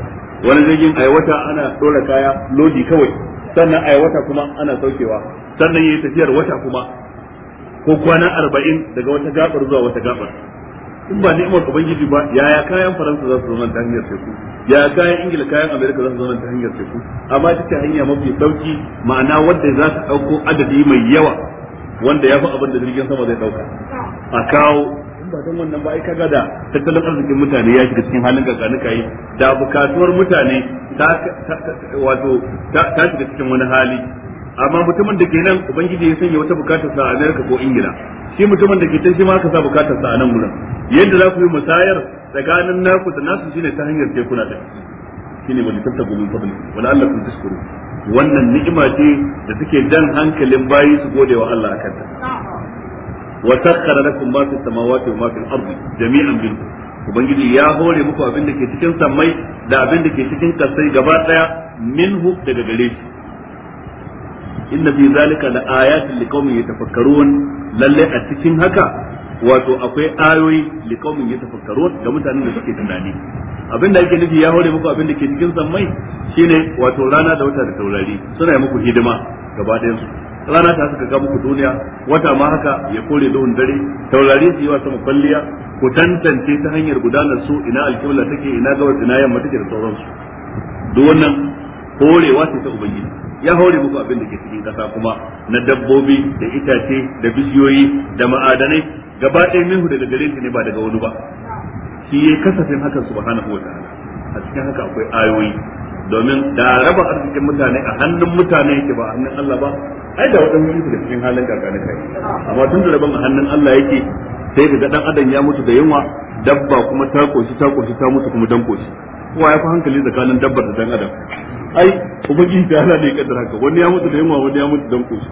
wani jirgin aiwata ana tsora kaya lodi kawai sannan aiwata kuma ana saukewa sannan yi tafiyar wata kuma ko kwana arba'in daga wata gabar zuwa wata gabar in ba ni'imar ubangiji ba yaya kayan faransa za su zama ta hanyar teku ya kayan ingila kayan amerika za su zama ta hanyar teku amma ita hanya mafi sauki ma'ana wadda za ta ɗauko adadi mai yawa wanda ya fi abin da jirgin sama zai ɗauka a kawo ba don wannan ba ai kaga da tattalin arzikin mutane ya shiga cikin halin gaganuka yi da bukatuwar mutane ta wato ta shiga cikin wani hali amma mutumin da ke nan ubangiji ya sanya wata bukatar sa a Amerika ko Ingila shi mutumin da ke can shi ma aka sa bukatar sa a nan gurin yadda za ku yi musayar tsakanin naku da nasu shine ta hanyar tekuna da shine wani tattabu min fadli wala Allah kun tashkuru wannan ni'ima ce da take dan hankalin bayi su gode wa Allah akan ta wa لكم ما في السماوات وما في الارض جميعا ardi jami'an minhu ubangiji ya hore muku abin da ke cikin sammai da abin da ke cikin kasai gaba daya minhu daga gare shi inna fi zalika la ayatin liqaumin yatafakkarun lalle a cikin haka wato akwai ayoyi liqaumin yatafakkarun ga mutanen da suke tunani abin da yake nufi ya hore muku abin da ke cikin sammai shine wato rana da wata da taurari suna yi muku hidima gaba ɗayan su rana ta suka ga muku duniya wata ma haka ya kore duhun dare taurari su yi sama kwalliya ku tantance ta hanyar gudanar su ina alƙibla take ina gabas ina yamma take da sauransu duk wannan horewa ce ta ubangiji ya hore muku abin da ke cikin kasa kuma na dabbobi da itace da bishiyoyi da ma'adanai gaba ɗaya minhu daga gare shi ne ba daga wani ba shi ya kasafin hakan subhanahu wa ta'ala a cikin haka akwai ayoyi domin da raba arzikin mutane a hannun mutane yake ba a hannun Allah ba ai da wadannan su da cikin halin gargana kai amma tun da rabon hannun Allah yake sai ka ga dan adam ya mutu da yunwa dabba kuma ta koshi ta koshi ta mutu kuma dan koshi kowa ya fi hankali tsakanin dabbar da dan adam ai ubangiji ta Allah ne ya kaddara haka wani ya mutu da yunwa wani ya mutu dan koshi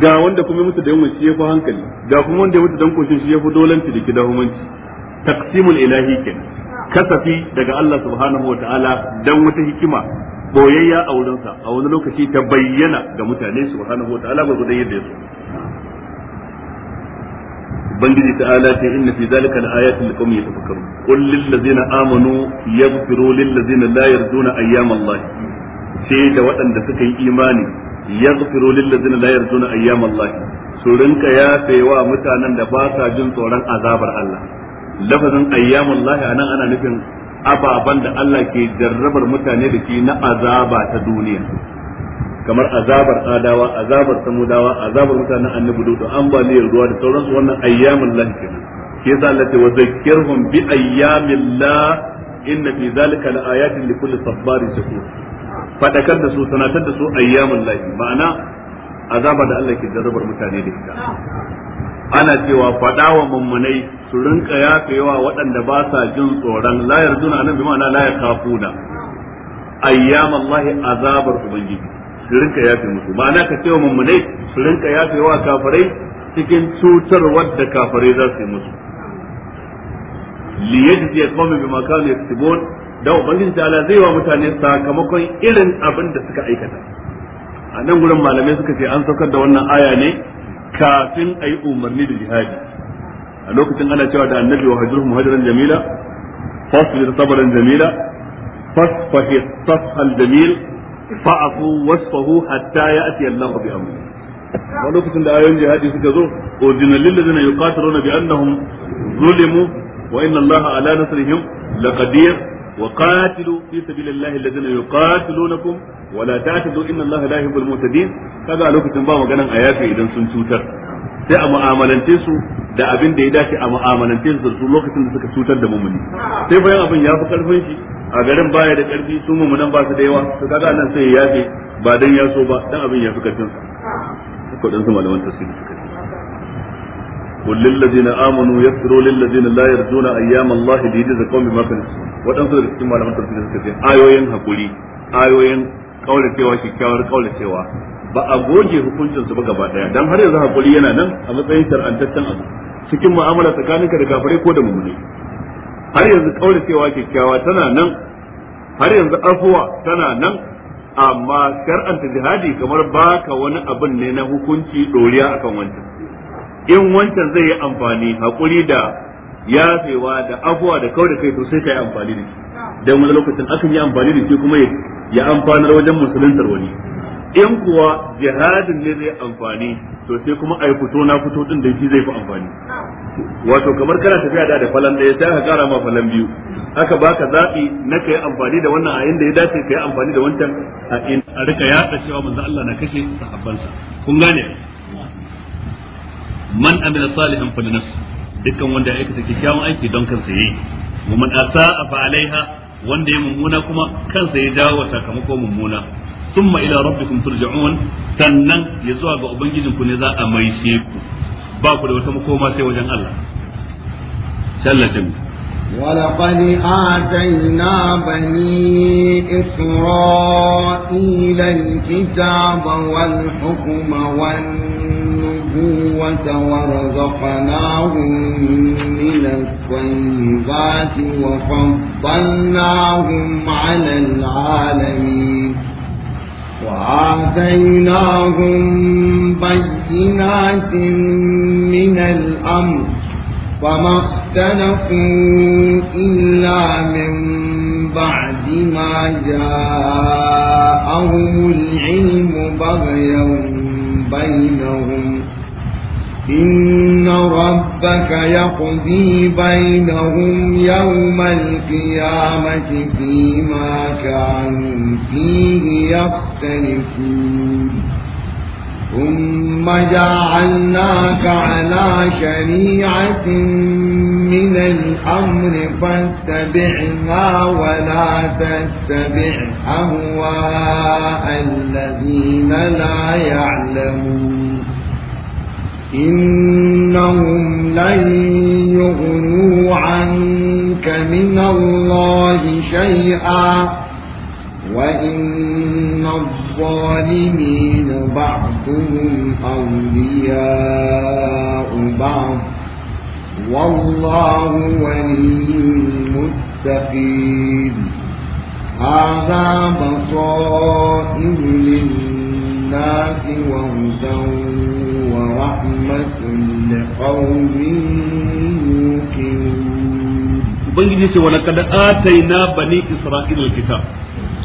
ga wanda kuma mutu da yunwa shi ya fi hankali ga kuma wanda ya mutu dan koshi shi ya fi dolanci da humanci taqsimul ilahi kenan kasafi daga Allah subhanahu wa ta'ala dan wata hikima boyayya a wurinsa a wani lokaci ta bayyana ga mutane su subhanahu wa ta'ala gurgudan yadda ya so ubangiji ala ce inna fi zalika laayatin liqaumin yatafakkarun qul lil ladzina amanu yaghfiru lil ladzina la yarjuna ayyama allah sai da waɗanda suka yi imani yaghfiru lil ladzina la yarjuna ayyama allah su rinka yafewa mutanen da ba sa jin tsoron azabar allah lafazin ayyama allah anan ana nufin ababan da Allah ke jarrabar mutane da shi na azaba ta duniya kamar azabar adawa azabar samudawa azabar mutanen annabi da ambaliyar ruwa da sauransu wannan ayyamin lahi kenan shi yasa Allah ce wa zakkirhum bi ayyamin la inna fi zalika la li kulli sabbarin shakur fadakar da su sanatar da su ayyamin lahi ma'ana azaba da Allah ke jarrabar mutane da ita ana cewa faɗawa mummunai su rinka yafewa waɗanda ba sa jin tsoron layar yarjuna nan bima la yakafuna ayyam Allah azabar ubangiji su rinka yafe musu ma'ana ka cewa mummunai su rinka yafewa kafirai cikin cutar wadda kafirai za su yi musu li yajzi qawmi bima kanu yaktubun da ubangiji ta ala zai wa mutane sakamakon irin abin da suka aikata a nan gurin malamai suka ce an saukar da wannan aya ne kafin a yi umarni da jihadi a lokacin ana cewa da annabi wa hajjurhum hajran jamila fasbir sabran jamila fasfahi safhal jamil fa'afu wasfahu hatta ya'ti Allah bi amri a lokacin da ayoyin jihadi suka zo ordinal lillazina yuqatiluna bi annahum zulimu wa inna Allah ala nasrihim laqadir وقاتلوا في سبيل الله الذين يقاتلونكم ولا تعتدوا ان الله لا يحب المعتدين kaga a lokacin ba maganan a yafe idan sun cutar sai a mu'amalance su da abin da ya dace a mu'amalance su su lokacin da suka cutar da mumuni sai bayan abin ya fi karfin shi a garin baya da karfi su mumunan ba su da yawa to kaga nan sai ya yafe ba dan ya so ba dan abin ya fi karfin sa ko dan su malaman tafsiri suka قل للذين امنوا يغفروا للذين لا يرجون ايام الله ليجزي قوم بما كسبوا wadan su da cikin malaman tafsir suka ce ayoyin hakuri ayoyin kaula cewa kyakkyawar kaula ba a goge hukuncin su ba gaba daya dan har yanzu hakuri yana nan a matsayin shar'antaccen abu cikin mu'amala tsakaninka da kafirai ko da mu'mini har yanzu kaula cewa kyakkyawa tana nan har yanzu afuwa tana nan amma shar'anta jihadi kamar baka wani abin ne na hukunci doriya akan wancan in wancan zai yi amfani haƙuri da yafewa da abuwa da kawai da kai to sai ka yi amfani da shi dan wani lokacin akan yi amfani da shi kuma ya amfanar wajen musuluntar wani in kuwa jihadin ne zai amfani to sai kuma a yi fito na fito din da shi zai fi amfani wato kamar kana tafiya da da falan ɗaya sai ka kara ma falan biyu aka baka zaɓi na kai amfani da wannan a inda ya dace kai amfani da wancan a rika yaɗa cewa manzo Allah na kashe sahabbansa kun gane man amila salihan fa linafsi dukkan wanda ya aikata kyakkyawan aiki don kansa yayi wa man asaa fa alaiha wanda ya mumuna kuma kansa ya dawo sakamako mummuna thumma ila rabbikum turja'un sannan ya zuwa ga ubangijin ku ne za a maishe ku ba ku da wata makoma sai wajen Allah sallatin ولقد آتينا بني إسرائيل الكتاب والحكم والنبي القوة ورزقناهم من الطيبات وفضلناهم على العالمين وآتيناهم بينات من الأمر فما اختلفوا إلا من بعد ما جاءهم العلم بغيا بينهم إن ربك يقضي بينهم يوم القيامة فيما كانوا فيه يختلفون ثم جعلناك على شريعة من الأمر فاتبعها ولا تتبع أهواء الذين لا يعلمون إنهم لن يغنوا عنك من الله شيئا وإن الظالمين بعضهم أولياء بعض والله ولي المتقين هذا بصائر للناس وهدى ورحمة لقوم يوقنون Ubangiji ce wani kada a ataina bani Isra'ila kitab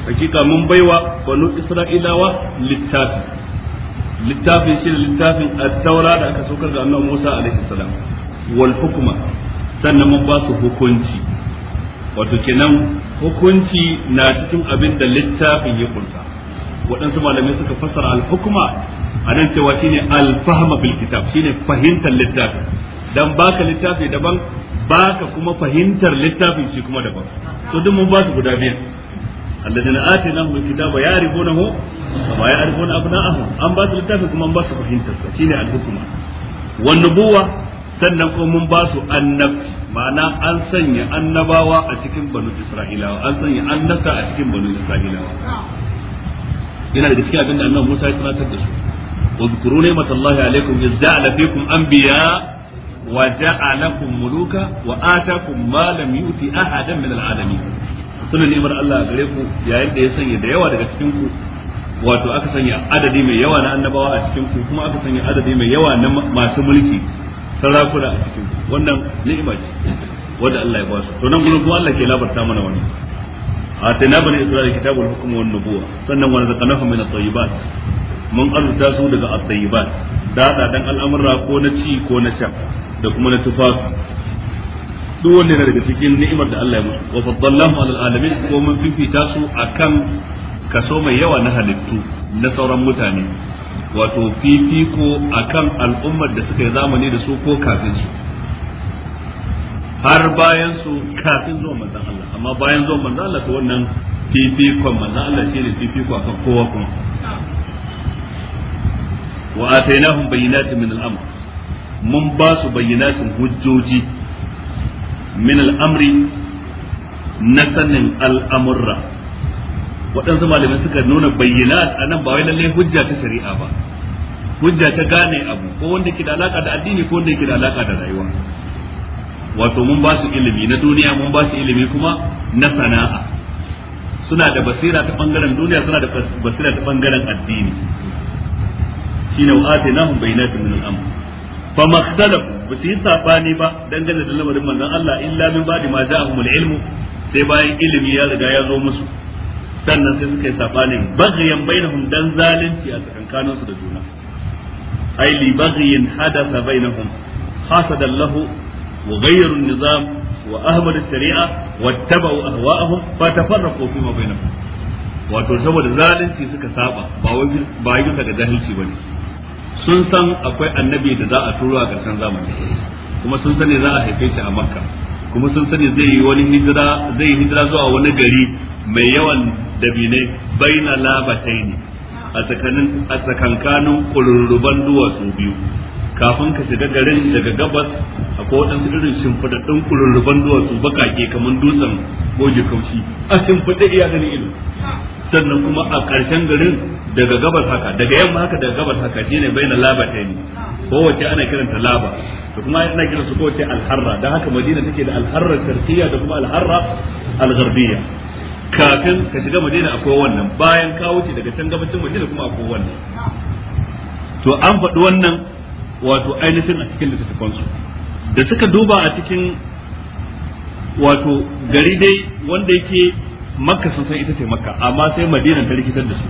hakika mun baiwa banu Isra'ilawa littafi littafin shi littafin at-taura da aka saukar da annabi Musa alaihi salam wal hukma sannan mun ba su hukunci wato kenan hukunci na cikin abin da littafin ya kunsa waɗansu malamai suka fassara al-hukma anan cewa shine al bil kitab shine fahimtar littafi dan baka littafi daban baka kuma fahimtar littafin shi kuma daban to duk mun ba su guda biyar. alladheena atainahum ya'rifunahu kama ya'rifuna abna'ahum an ba su littafi kuma an ba su fahimtar sa shine wan nubuwa sannan ko mun ba su annabi ma'ana an sanya annabawa a cikin banu isra'ilawa an sanya a cikin banu isra'ilawa yana da annabi Musa ya tunatar da su اذكروا نعمة الله عليكم إذ جعل فيكم أنبياء وجعلكم ملوكا وآتاكم ما لم يؤت أحدا من العالمين sunan ni'imar Allah a gare ku yayin da ya sanya da yawa daga cikin ku wato aka sanya adadi mai yawa na annabawa a cikin ku kuma aka sanya adadi mai yawa na masu mulki sarakuna a cikin ku wannan ni'ima ce wanda Allah ya ba su to nan gurin kuma Allah ke labarta mana wani. wannan atayna bani isra'ila kitabul hukm wan nubuwa sannan wa razaqnahum min at-tayyibat mun arzuta su daga at-tayyibat da dan al'amura ko na ci ko na sha da kuma na tufafi duk wanda yana daga cikin ni'imar da Allah ya musu wa faddallahu alal alamin ko mun fifita su akan kaso mai yawa na halittu na sauran mutane wato fifiko akan al'ummar da suka yi zamani da su ko kafin su har bayan su kafin zuwa manzon Allah amma bayan zuwa manzon Allah to wannan fifikon manzon Allah shine fifiko akan kowa kuma wa atainahum bayyinatin min al-amr mun ba su bayyinatin hujjoji min al-amri na sanin al'amurra waɗansu malamai suka nuna bayyana a nan ba wai lallai hujja ta shari'a ba hujja ta gane abu ko wanda ke da alaka da addini ko wanda da rayuwa wato mun ba su ilimi na duniya mun ba su ilimi kuma na sana'a suna da basira ta bangaren duniya suna da basira ta bangaren addini shine wa atainahum bayyinatin min al-amr fa makhtalafu ba su yi sabani ba dangane da lamarin manzon Allah illa min ba'di ma ja'ahumul ilmu sai bayan ilimi ya riga ya zo musu sannan sai suka yi sabanin baghiyan bainahum dan zalunci a tsakankanin su da juna ai li baghiyin hadatha bainahum hasada lahu wa ghayyaru an-nizam wa ahmad as-shari'a wattaba'u ahwa'ahum fa tafarraqu fi ma bainahum wato saboda zalunci suka saba ba wai ba bisa ga jahilci bane sun san akwai annabi da za a turo a ƙarshen zamani kuma sun sani za a haife shi a makka kuma sun sani zai yi wani hijira zai yi hijira zuwa wani gari mai yawan dabine baina labataini a tsakanin a tsakankanin kururruban duwatsu biyu kafin ka shiga garin daga gabas akwai waɗansu irin shimfiɗaɗɗun kururruban duwatsu bakake kamar dutsen goge kaushi a shimfiɗe iya ganin ido sannan kuma a ƙarshen garin daga gabas haka daga yamma haka daga gabas haka shine na laba ta ne kowace ana kiranta laba to kuma ana kiran su kowace alharra don haka madina take da alharra sharqiyya da kuma alharra algharbiyya kafin ka shiga madina akwai wannan bayan ka wuce daga can gabacin madina kuma akwai wannan to an faɗi wannan wato ainihin a cikin littattafansu da suka duba a cikin wato gari dai wanda yake makka sun san ita ce makka amma sai madina ta rikitar da su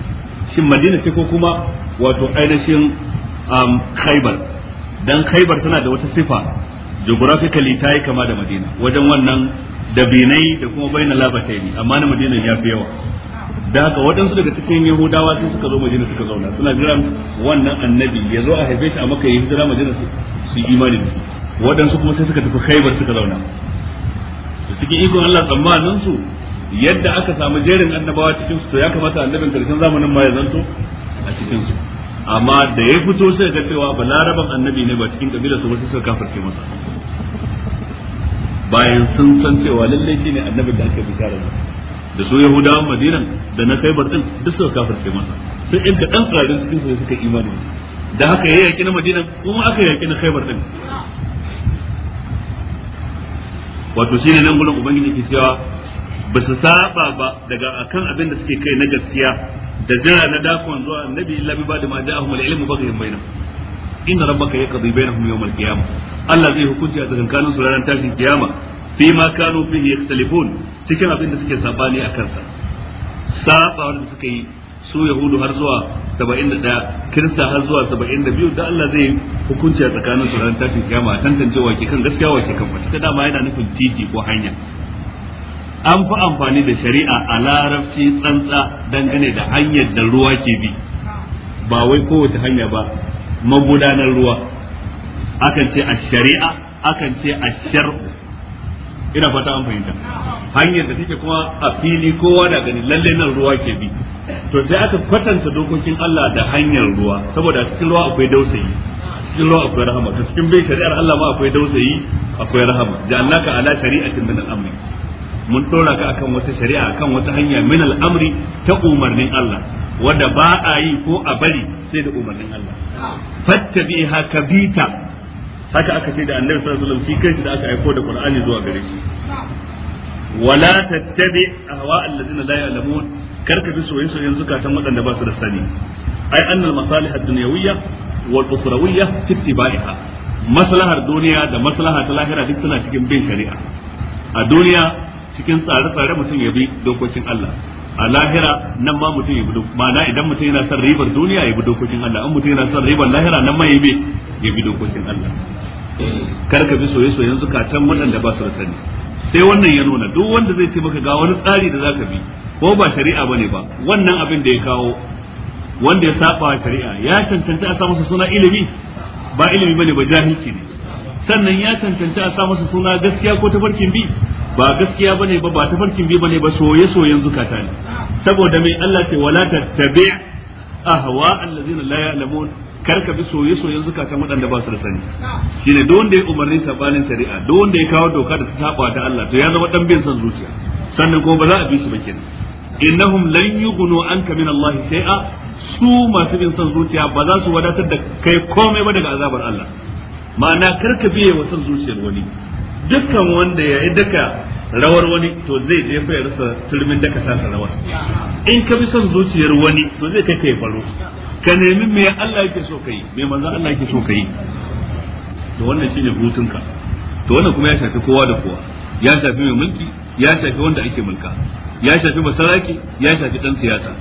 shin madina ce ko kuma wato ainihin um, khaibar dan khaibar tana da wata sifa geographically ta yi kama da madina wajen wannan dabinai da kuma bayyana labataini amma na madina ya fi yawa da haka waɗansu daga cikin yahudawa sun suka zo madina suka zauna suna jiran wannan annabi ya zo a haife shi a makka ya hijira madina su imani da waɗansu kuma sai suka tafi khaibar suka zauna da cikin ikon Allah tsammanin su yadda aka samu jerin annabawa cikin su to ya kamata annabin karshen zamanin ma ya zanto a cikin su amma da ya fito sai ga cewa balaraban annabi ne ba cikin kabilar su wasu suka kafirce masa bayan sun san cewa lallai ne annabin da aka bisara da su yahudawan madinan da na kai din duk suka kafirce masa sai in ka dan tsararin cikin su suka imani da haka ya yaki na madinan kuma aka yaki na kai din wato shine nan gurin ubangiji ke cewa ba su saba ba daga akan abin da suke kai na gaskiya da jira na dakon zuwa annabi illa bi ba'da ma ja'ahum al-ilmu baghyan bainahum inna rabbaka yaqdi bainahum yawm al-qiyamah Allah zai hukunci a tsakankanin su ranar tashin kiyama fi ma kanu fihi yakhtalifun cikin abin da suke sabani a kansa saba wanda suka yi su yahudu har zuwa 71 kirista har zuwa 72 da Allah zai hukunci a tsakanin su ranar tashin kiyama tantancewa ke kan gaskiya wa ke kan fata dama yana nufin titi ko hanya an fi amfani da shari'a a larabci tsantsa dangane da hanyar da ruwa ke bi ba wai kowace hanya ba magudanar ruwa akan ce a shari'a akan ce a shar'u ina fata an fahimta hanyar da take kuma a fili kowa da gani lalle nan ruwa ke bi to sai aka kwatanta dokokin Allah da hanyar ruwa saboda cikin ruwa akwai dausayi cikin ruwa akwai rahama to cikin bai shari'ar Allah ma akwai dausayi akwai rahama Da ka ala shari'atin min al-amri mun dora ka akan wata shari'a akan wata hanya min al'amri ta umarnin Allah wanda ba a yi ko a bari sai da umarnin Allah fattabiha kabita haka aka ce da annabi sallallahu alaihi wasallam shi kai da aka aiko da qur'ani zuwa gare shi wala tattabi ahwa alladhina la ya'lamun karka bi soyayya soyayya zukatan waɗanda ba su da sani ai annal masalih ad-dunyawiyya wal ukhrawiyya fi ittiba'iha maslahar duniya da maslaha ta lahira duk suna cikin bin shari'a a duniya cikin tsare-tsare mutum ya bi dokokin Allah a lahira nan ma mutum ya bi ma'ana idan mutum yana son ribar duniya ya bi dokokin Allah in mutum yana son ribar lahira nan ma ya bi ya bi dokokin Allah kar ka bi soye-soyen zukatan waɗanda ba su da sani sai wannan ya nuna duk wanda zai ce maka ga wani tsari da zaka bi ko ba shari'a bane ba wannan abin da ya kawo wanda ya saba shari'a ya cancanta a sa masa suna ilimi ba ilimi bane ba jahilci ne sannan ya cancanta a sa masa suna gaskiya ko tafarkin bi ba gaskiya bane ba ba tafarkin bi bane ba soye soyen zukata ne saboda mai Allah ce wala tattabi ahwa allazina la ya'lamun karka bi soye soyen zukatan waɗanda ba su da sani shine duk wanda ya umarni sabanin shari'a duk wanda ya kawo doka da ta saba ta Allah to ya zama dan bin san zuciya sannan kuma ba za a bi su ba kenan innahum lan yughnu anka min Allah shay'a su masu bin san zuciya ba za su wadatar da kai komai ba daga azabar Allah ma'ana karka biye wa san zuciyar wani dukkan wanda ya yi daka rawar wani to zai je ya rasa turmin daka tasa rawar in ka bi son zuciyar wani to zai kai kai faru. ka nemi me Allah yake so kai me manzo Allah yake so kai to wannan shine hutunka to wannan kuma ya shafi kowa da kowa ya shafi mai mulki ya shafi wanda ake mulka ya shafi masaraki ya shafi dan siyasa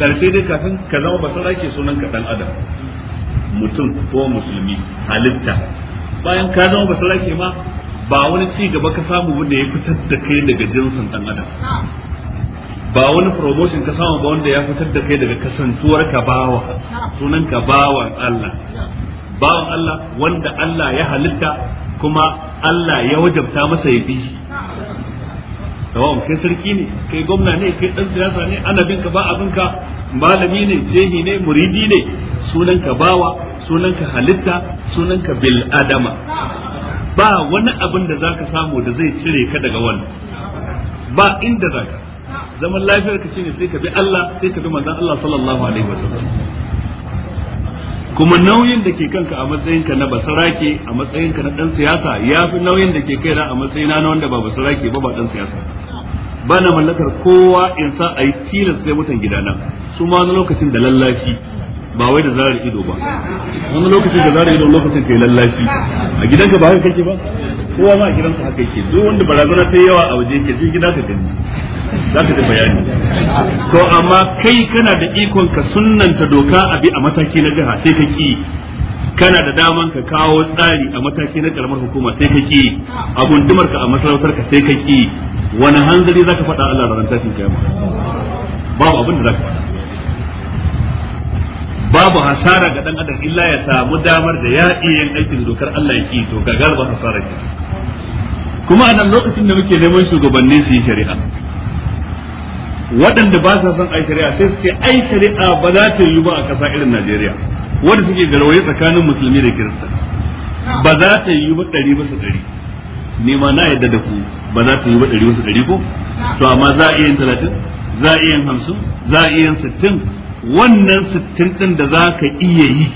karshe dai kafin ka zama masaraki sunan ka dan adam mutum ko musulmi halitta bayan ka zama masaraki ma ba wani ci gaba ka samu wanda ya fitar da kai daga jinsin dan adam ba wani promotion ka samu ba wanda ya fitar da kai daga kasantuwar ka bawa sunan ka bawan Allah bawan Allah wanda Allah ya halitta kuma Allah ya wajabta masa ya bi tawon kai sarki ne kai gwamna ne kai dan siyasa ne ana bin ka ba abin ka malami ne jehi ne muridi ne sunan ka bawa sunan ka halitta sunan ka bil adama ba wani abin da zaka samu da zai cire ka daga wannan ba inda zaka zaman lafiyar ka shine sai ka bi Allah sai ka bi manzon Allah sallallahu alaihi wasallam kuma nauyin da ke kanka a matsayinka na basarake a matsayinka na dan siyasa ya fi nauyin da ke kaina a matsayina na wanda ba basarake ba ba dan siyasa ba na mallakar kowa in sa a yi tilas sai mutan gidana su ma na lokacin da lallashi ba wai da zarar ido ba wani lokacin da zarar ido lokacin kai lallashi a gidanka ba haka kake ba kowa ma a gidansa haka yake duk wanda barazana ta yawa a waje ke sai gida ka gani za ka ji bayani to amma kai kana da ikon ka sunnanta doka a bi a mataki na jiha sai ka ki kana da daman ka kawo tsari a mataki na karamar hukuma sai ka ki a gundumar ka a masarautar ka sai ka ki wani hanzari za ka faɗa Allah ranar kai ba babu abin da za ka faɗa babu hasara ga dan adam illa ya samu damar da ya iya yin aikin dokar Allah yake to ga garba hasara ke kuma a lokacin da muke neman shugabanni su yi shari'a waɗanda ba sa son ai shari'a sai su ce ai shari'a ba za ta yi ba a ƙasa irin Najeriya wanda suke garwaye tsakanin musulmi da kirista ba za ta yi ba ɗari su ɗari ne ma na yadda da ku ba za ta yi ba ɗari su ɗari ko to amma za a iya yin talatin za a iya yin hamsin za a iya yin sittin wannan sittin din da za ka iya yi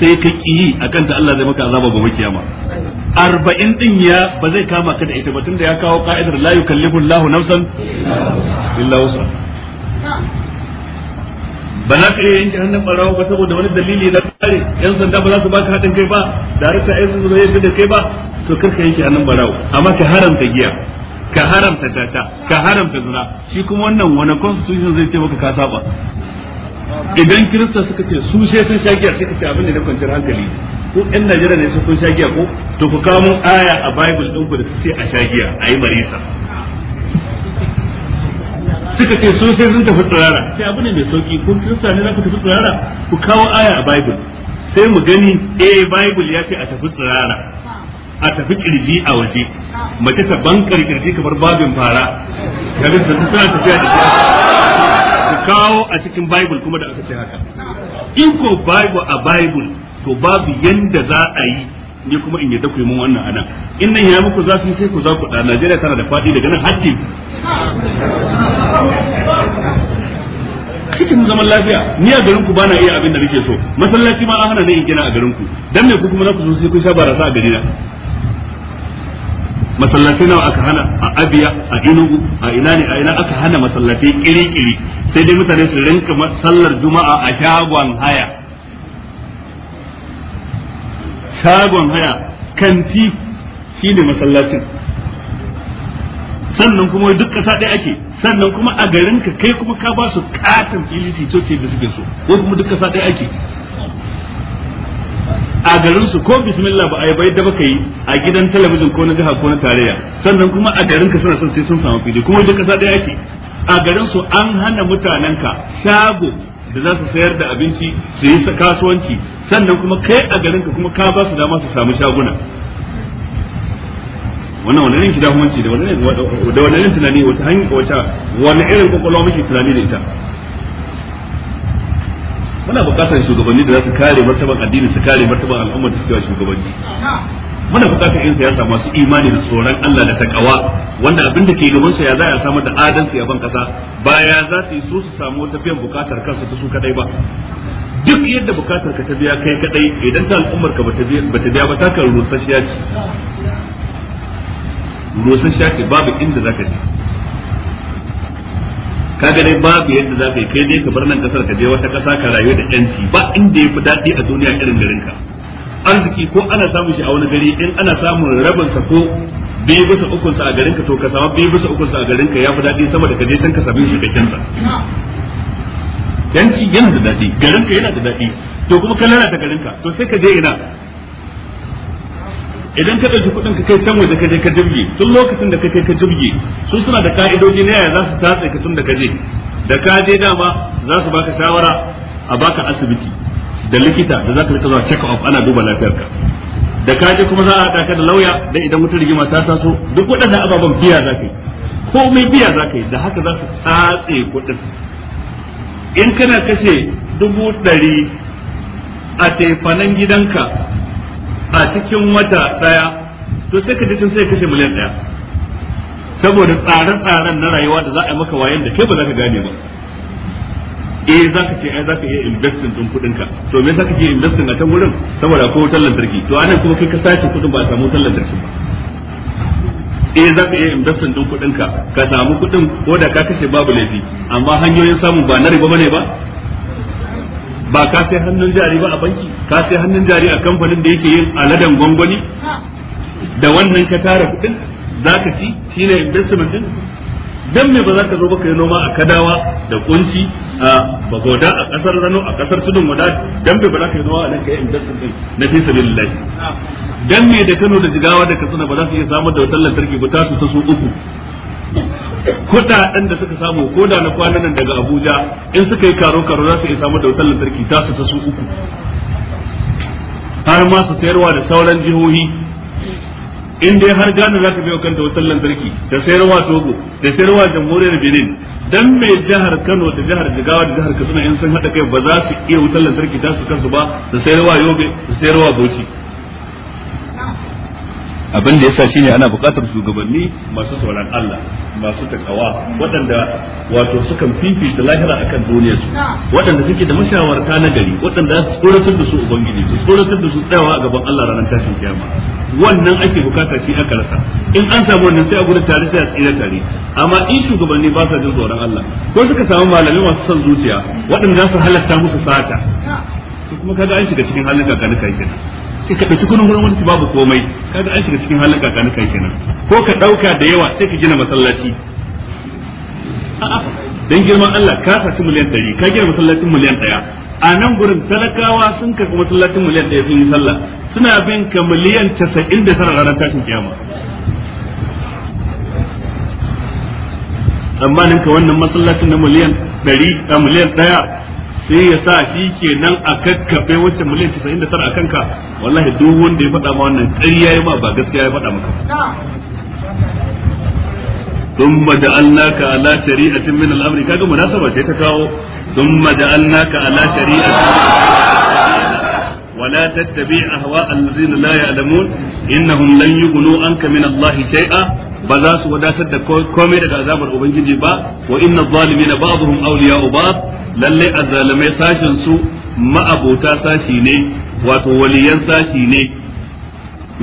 sai ka ki yi a kanta Allah zai maka azaba gobe kiyama arba'in din ya ba zai kama ka da ita ba tunda ya kawo ka'idar la yukallifu Allahu nafsan illa wusa ba za ka iya yanke hannun barawa ba saboda wani dalili na kare yan sanda ba za su baka haɗin kai ba da rasa ayyukan su zai da kai ba to karka yanke hannun barawa amma ka haramta giya ka haramta tata ka haramta zina shi kuma wannan wani constitution zai ce maka ka saba idan kirista suka ce su sai sun sha giya sai ka ce abin da na kwanciyar hankali ko ɗan najeriya ne sun sha giya ko to ku kawo mun aya a bible ɗin ku da su ce a sha giya a yi marisa suka ce su sai sun tafi tsirara sai abu ne mai sauki ko kirista ne za ku tafi tsirara ku kawo aya a bible sai mu gani eh bible ya ce a tafi tsirara a tafi kirji a waje mace ta bankar kirji kamar babin fara bisa ta tafiya da ku kawo a cikin bible kuma da aka ce haka in ko bible a bible to babu yanda za a yi ni kuma in yadda ku yi mun wannan anan in nan ya muku zafi sai ku za ku da Najeriya tana da fadi daga nan haddi cikin zaman lafiya ni a garinku ku ba na iya abin da nake so masallaci ma an hana ne in gina a garinku ku dan me ku kuma za ku zo sai ku sha barasa a gari na masallatai nawa aka hana a abiya a inugu a ina ne a ina aka hana masallatai kiri-kiri sai dai mutane su rinka sallar juma'a a shagon haya shagon haya kanti shine masallacin sannan kuma duk kasa ɗaya ake sannan kuma a garin ka kai kuma ka ba su katin fili ce da suke so ko kuma duk kasa ɗaya ake a garin su ko bismillah ba a yi bai da baka yi a gidan talabijin ko na jiha ko na tarayya sannan kuma a garin ka suna son sai sun samu fili kuma wajen kasa daya yake a garin su an hana mutanen ka shago da za su sayar da abinci su yi kasuwanci sannan kuma kai a garin ka kuma ka ba su dama su samu shaguna wannan wani ne kidahumanci da wani ne tunani wata hanyar wata wani irin kwakwalwa muke tunani da ita muna bukatar shugabanni da za su kare martaban addini su kare martaban al'umma da suke shugabanci muna bukatar yan siyasa masu imani da tsoron Allah da takawa wanda abin da ke gaban sa ya za a samar da adalci a ban kasa baya za su yi su su samu wata biyan bukatar kansu ta su kadai ba duk yadda bukatar ka ta biya kai kadai idan ta al'ummar ka ta biya ba ta kan rusasshiya ce rusasshiya ce babu inda zaka je. kaga dai babu yadda za ka yi kai dai ka bar nan kasar ka je wata kasa ka rayu da yanci ba inda ya fi daɗi a duniya irin garinka arziki ko ana samun shi a wani gari in ana samun rabin sa ko biyu bisa uku sa a garinka to ka samu biyu bisa uku sa a garinka ya fi daɗi sama da ka je can ka samu shi cikakken sa yanci yana da daɗi garinka yana da daɗi to kuma ta garin garinka to sai ka je ina idan ka ɗauki kuɗin ka kai can waje ka je ka jirgi tun lokacin da ka kai ka jirgi su suna da ka'idoji na yaya za su tatse ka tun da ka je da ka je dama za su baka shawara a baka asibiti da likita da za ka rika zuwa check up ana duba lafiyarka da ka je kuma za a haɗa ka da lauya da idan wata rigima ta taso duk waɗannan ababen biya za ka yi komai biya za ka yi da haka za su tatse kuɗin in kana kashe dubu ɗari a taifanan gidanka a cikin wata daya to sai ka cikin sai kashe miliyan daya saboda tsare-tsaren na rayuwa da za a maka wayan da kai ba za ka gane ba eh za ka ce ai za ka iya investin din kudinka to me za ka je investin a can wurin saboda ko wutar lantarki to anan kuma kai ka sace kudin ba a samu wutar lantarki ba eh za ka iya investin din kudinka ka samu kudin ko da ka kashe babu laifi amma hanyoyin samun ba na riba bane ba ba ka sai hannun jari ba a banki ka sai hannun jari a kamfanin da yake yin aladan gwangwani da wannan ka tara kuɗin za ka ci ne investment din dan me ba za ka zo ba ka yi noma a kadawa da kunci a bagoda a kasar rano a kasar tudun wada dan me ba za ka yi noma a nan ka yi investment din na fi sabilillah dan me da Kano da Jigawa da Katsina ba za su iya samar da wutar lantarki ba ta su ta su uku kudaden da suka samu ko da na kwana nan daga Abuja in suka yi karo karo za su iya samu da wutar lantarki ta su ta su uku har ma su sayarwa da sauran jihohi in dai har Ghana za ta biyo kanta wutar lantarki da sayarwa Togo da sayarwa Jamhuriyar Benin dan mai jihar Kano da jihar Jigawa da jihar Katsina in sun haɗa kai ba za su iya wutar lantarki ta su kansu ba da sayarwa Yobe da sayarwa Bauchi abin da yasa shine ana buƙatar shugabanni masu tsoron Allah masu takawa waɗanda wato sukan fifita lahira akan duniyar su waɗanda suke da mashawarta na gari waɗanda su tsoratar da su ubangiji su tsoratar da su tsayawa a gaban Allah ranar tashin kiyama wannan ake bukata shi aka rasa in an samu wannan sai a gudu tare sai a tsira tare amma in shugabanni ba sa jin tsoron Allah ko suka samu malamai masu son zuciya waɗanda za su halatta musu sata kuma kaga an shiga cikin halin kakanin kai kenan sai ka ɗauki gurin gurin wani babu komai kaga an shiga cikin halin kakani kai kenan ko ka ɗauka da yawa sai ka gina masallaci dan girman Allah ka saci miliyan 100 ka gina masallacin miliyan 1 a nan gurin talakawa sun ka kuma masallacin miliyan 1 sun yi sallah suna bin ka miliyan 99 ranar tashin kiyama tsammanin ka wannan masallacin na miliyan 100 a miliyan 1 sai ya sa shi ke nan a kakkafe wacce miliyan casa'in da tara a kanka wallahi duk wanda ya faɗa ma wannan ƙarya ya ma ba gaskiya ya faɗa maka sun maja annaka ala shari'atin min al'amri kaga mu nasaba ce ta kawo sun maja annaka ala shari'atin min ولا تتبع اهواء الذين لا يعلمون انهم لن يغنوا عنك من الله شيئا بل سوى ذات كومي ذا عذاب ربك ba وان الظالمين بعضهم اولياء بعض Lallai azzalimai sashin su ma'abota sashi ne wato waliyan sashi ne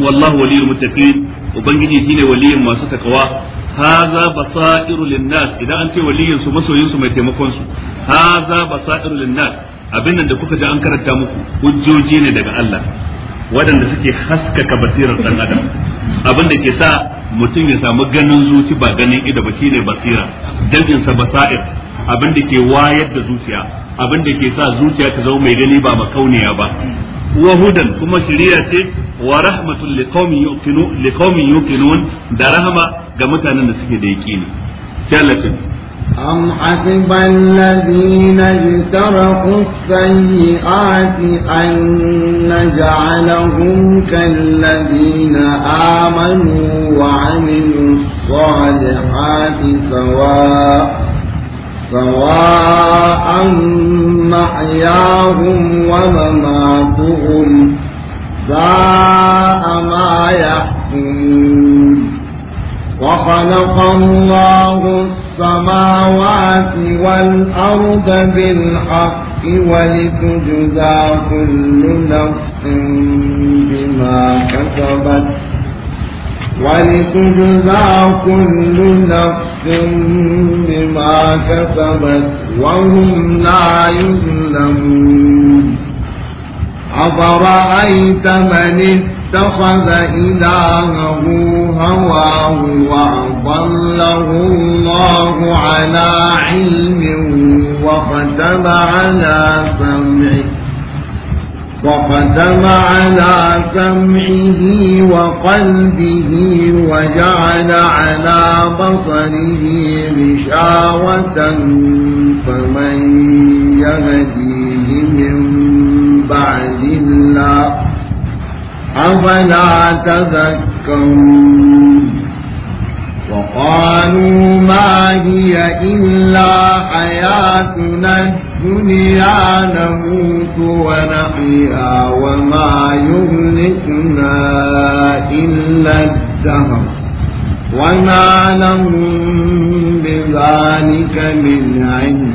wallahu waliyul muttaqin ubangiji shine waliyin masu takawa haza basairu linnas idan an ce waliyin su masoyin su mai taimakon su haza basairu linnas abin da kuka ji an karanta muku hujjoji ne daga Allah waɗanda suke haskaka basirar dan adam abin da ke sa mutum ya samu ganin zuci ba ganin ido ba shine basira jam'in sa basair abin da ke wayar da zuciya abin da ke sa zuciya ta zama mai gani ba makauniya ba wa kuma shari'a ce wa rahmatul liqaumin yuqinu liqaumin yuqinun da rahama ga mutanen da suke da yaqini sai أم حسب الذين اجترحوا السيئات أن نجعلهم كالذين آمنوا وعملوا الصالحات سواء سواء محياهم ومماتهم ساء ما يحكمون وخلق الله السماوات والأرض بالحق ولتجزى كل نفس بما كسبت ولتجزى كل نفس بما كسبت وهم لا يظلمون أفرأيت من اتخذ إلهه هواه وأضله الله على علم وختم على سمعه وختم على سمعه وقلبه وجعل على بصره غشاوة فمن يهديه من بعد الله أفلا تذكرون وقالوا ما هي إلا حياتنا الدنيا نموت ونحيا وما يهلكنا إلا الدهر وما لهم بذلك من علم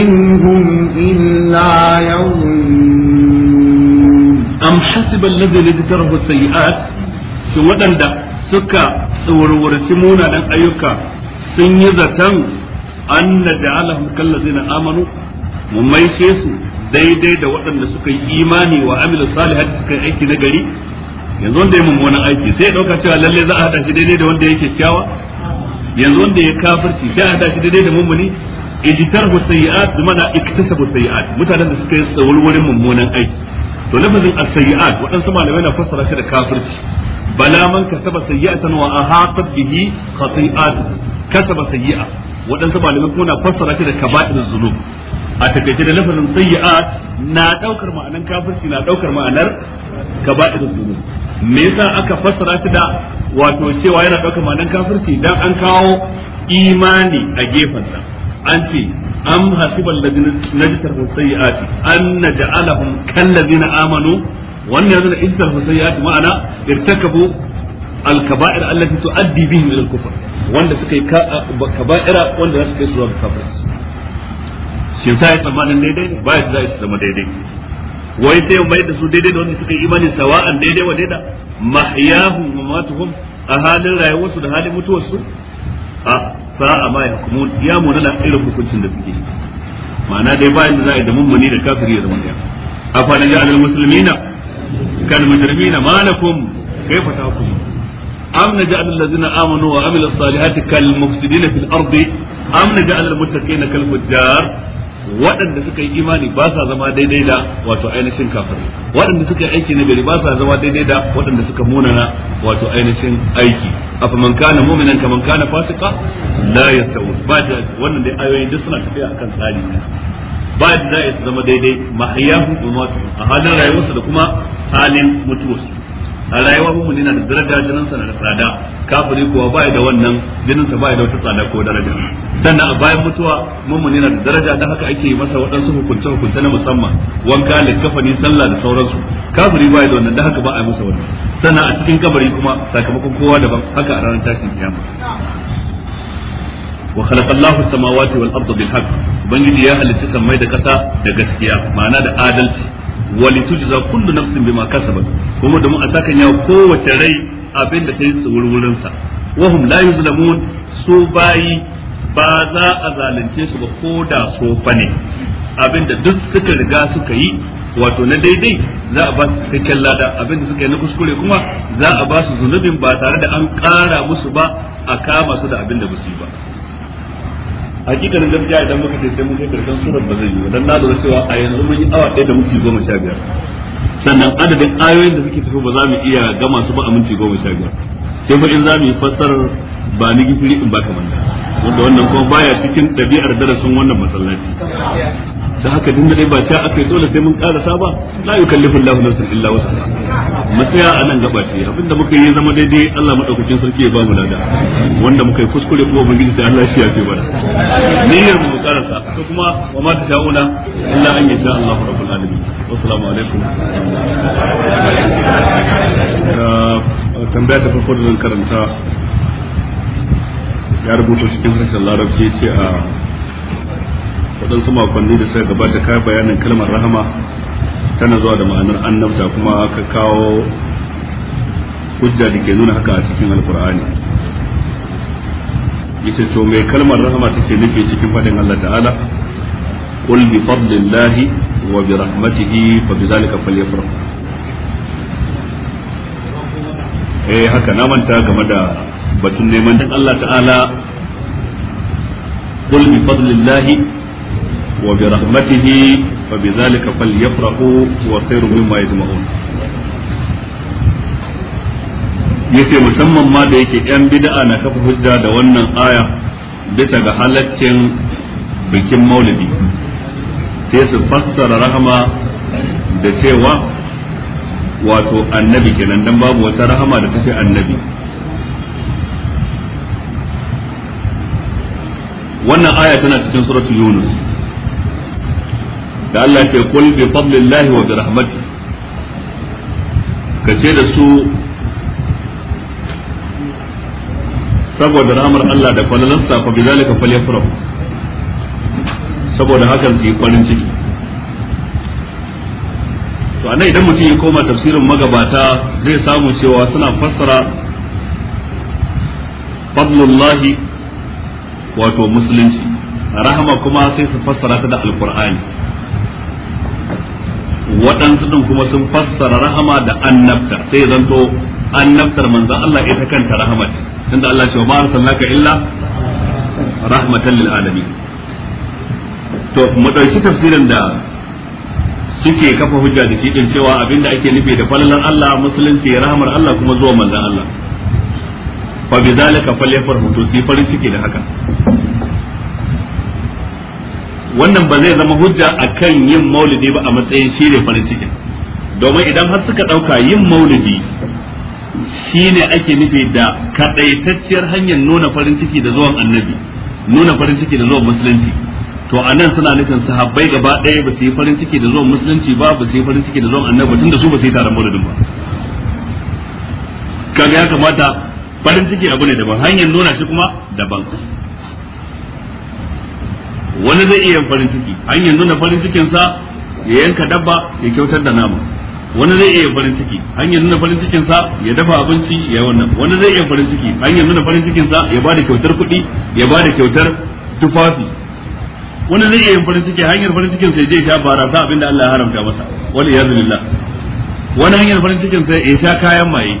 إن هم إلا يظنون أم حسب الذي لذكره السيئات سوى سكا tsawarwarci munanan ayyuka sun yi zaton an na ja'alahum na amanu mu maishe su daidai da waɗanda suka yi imani wa amilu salihati suka yi aiki na gari yanzu wanda ya mummunan aiki sai ya ɗauka cewa lalle za a haɗa shi daidai da wanda ya kyawa yanzu wanda ya kafirci sai a haɗa shi daidai da mummuni ijtarhu sayyi'at bi mana iktasabu sayyi'at mutanen da suka yi tsawulwurin mummunan aiki to lafazin as-sayyi'at waɗansu malamai na fassara shi da kafirci bala man kasaba sayyi'atan wa ahatat bihi khati'at kasaba sayyi'a wadansu malamai kuma na fassara shi da kaba'ir dhunub a takaice da lafazin sayyi'at na daukar ma'anar kafirci na daukar ma'anar kaba'ir dhunub me yasa aka fassara shi da wato cewa yana daukar ma'anar kafirci dan an kawo imani a gefensa an ce hasiban ladina najtar sayyi'ati an amanu wannan yana istar husayyat ma'ana irtakabu al-kaba'ir allati tu'addi bihim ila al-kufr wanda suka yi kaba'ira wanda za su kai zuwa kafirci shin sai tsammanin daidai ne ba su zama daidai wai sai mai da su daidai da wanda suka yi imani sawa'an daidai wa daida mahyahum wa matuhum a halin rayuwarsu da halin mutuwarsu a sa'a ma ya irin hukuncin da suke ma'ana dai bayan da za a yi da mummuni da kafiri ya zama na muslimina kal mujrimina malakum kayfa tahkumun am naj'al allazina amanu wa amilus salihati kal mufsidina fil ardi am naj'al al muttaqina kal fujjar waɗanda suka yi imani ba sa zama daidai da wato ainihin kafirai waɗanda suka yi aiki na gari ba sa zama daidai da waɗanda suka munana wato ainihin aiki afa man kana mu'minan kaman kana fasika ayoyin duk suna tafiya akan tsari ba da za zama daidai mahayahu wa matu a halin rayuwarsa da kuma halin mutuwarsa a rayuwa mu ne na da daraja jinin sa da tsada kafiri kuwa ba da wannan jinin sa ba da wata tsada ko daraja sannan a bayan mutuwa mu ne na da daraja da haka ake masa waɗansu hukunce hukunce na musamman wanka kafani sallah da sauransu kafiri ba da wannan da haka ba a yi masa wannan sannan a cikin kabari kuma sakamakon kowa daban haka a ranar tashin kiyama wa khalaqa Allahu samawati wal arda bil haqq ubangiji ya halitta samai da kasa da gaskiya ma'ana da adalci wa litujza kullu nafsin bima kasabat kuma domin a sakan ya kowace rai abin da ta yi tsawurwurin sa wa hum la yuzlamun su bayi ba za a zalunce su ba ko da so fa ne abin da duk suka riga suka yi wato na daidai za a ba su cikakken lada abinda suka yi na kuskure kuma za a ba su zunubin ba tare da an ƙara musu ba a kama su da abin da ba su yi ba hakikanin gaskiya idan muka ce sai mun kai karshen surar ba zai yi dan na lura cewa a yanzu mun yi awa ɗaya da muke goma sha biyar sannan adadin ayoyin da suke tafi ba za mu iya gama su ba a minti goma sha biyar sai fa in za mu yi fassarar ba ni gifiri in ba kamar wanda wannan kuma baya cikin ɗabi'ar darasin wannan masallaci da haka dinda dai ba ta aka yi dole sai mun karasa ba la yukallifu Allahu nafsan illa wusaha mu tsaya a nan gaba ce abinda muka yi zama daidai Allah madaukakin sarki ya ba mu lada wanda muka yi kuskure kuma gidi sai Allah shi ya ce bana niyyar mu sa to kuma wa ma ta'una illa an yasha Allahu rabbul alamin wassalamu alaikum uh, tambaya ta farko da zan karanta ya rubuta cikin harshen larabci ce a uh, waɗansu makonni da suka gabata ka bayanin kalmar rahama tana zuwa da ma'anar annabta kuma ka kawo hujja da ke nuna haka a cikin alkur'ani yace to mai kalmar rahama take nufi cikin faɗin Allah ta'ala qul bi fadlillahi wa bi rahmatihi fa bi zalika falyafrahu eh haka na manta game da batun neman dan Allah ta'ala qul bi fadlillahi وبرحمته فبذلك فليفرحوا هو خير مما يجمعون yace musamman ma da yake yan bid'a na kafa hujja da wannan aya bisa ga halaccin bikin maulidi sai su fassara rahama da cewa wato annabi kenan dan babu wata rahama da tafi annabi wannan aya tana cikin suratul yunus da Allah ce kul bi fadlillahi wa bi rahmati ka ce da su saboda rahmar Allah da falalansa fa bi zalika falyafrahu saboda hakan su yi farin ciki to anan idan mutum ya koma tafsirin magabata zai samu cewa suna fassara fadlullahi wato musulunci rahama kuma sai su fassara ta da alqur'ani waɗansu din kuma sun fassara rahama da annabta sai zanto annabtar manzan Allah ita kanta rahama ce tunda Allah ce wa ba arsalnaka illa rahmatan lil alamin to mu dauki tafsirin da suke kafa hujja da shi din cewa abinda ake nufi da falalar Allah musulunci rahmar Allah kuma zuwa manzan Allah fa bi zalika falyafrahu to sai farin ciki da haka wannan ba zai zama hujja a kan yin maulidi ba a matsayin shi ne farin ciki. domin idan har suka ɗauka yin maulidi shi ne ake nufi da kaɗaitacciyar hanyar nuna farin ciki da zuwan annabi nuna farin ciki da zuwan musulunci to a nan suna nufin sahabbai gaba ɗaya ba su yi farin ciki da zuwan musulunci ba ba su yi farin ciki da zuwan annabi tunda su ba su yi taron maulidin ba kaga ya kamata farin ciki abu ne daban hanyar nuna shi kuma daban wani zai iya farin ciki an yanzu na farin cikin sa ya yanka dabba ya kyautar da nama wani zai iya farin ciki an yanzu na farin cikin sa ya dafa abinci ya wannan wani zai iya farin ciki an yanzu na farin cikin sa ya bada kyautar kuɗi ya bada kyautar tufafi wani zai iya farin ciki hanyar farin cikin sa ya je ya sha barasa abinda Allah ya haramta masa wani ya zulilla wani hanyar farin cikin sa ya sha kayan maye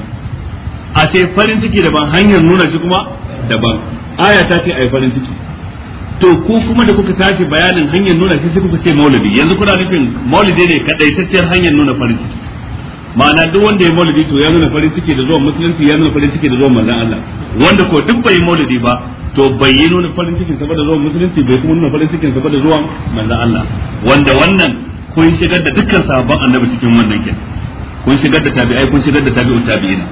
a sai farin ciki daban hanyar nuna shi kuma daban aya ta ce ai farin ciki to ku kuma da kuka tashi bayanin hanyar nuna shi sai kuka ce maulidi yanzu kuna nufin maulidi ne kadaitacciyar hanyar nuna farin ciki ma'ana duk wanda ya maulidi to ya nuna farin ciki da zuwan musulunci ya nuna farin ciki da zuwan manzon Allah wanda ko duk bai maulidi ba to bai yi nuna farin cikin sa da zuwan musulunci bai kuma nuna farin cikin sa da zuwan manzon Allah wanda wannan kun shigar da dukkan sahabban annabi cikin wannan kin kun shigar da tabi'ai kun shigar da tabi'u tabi'ina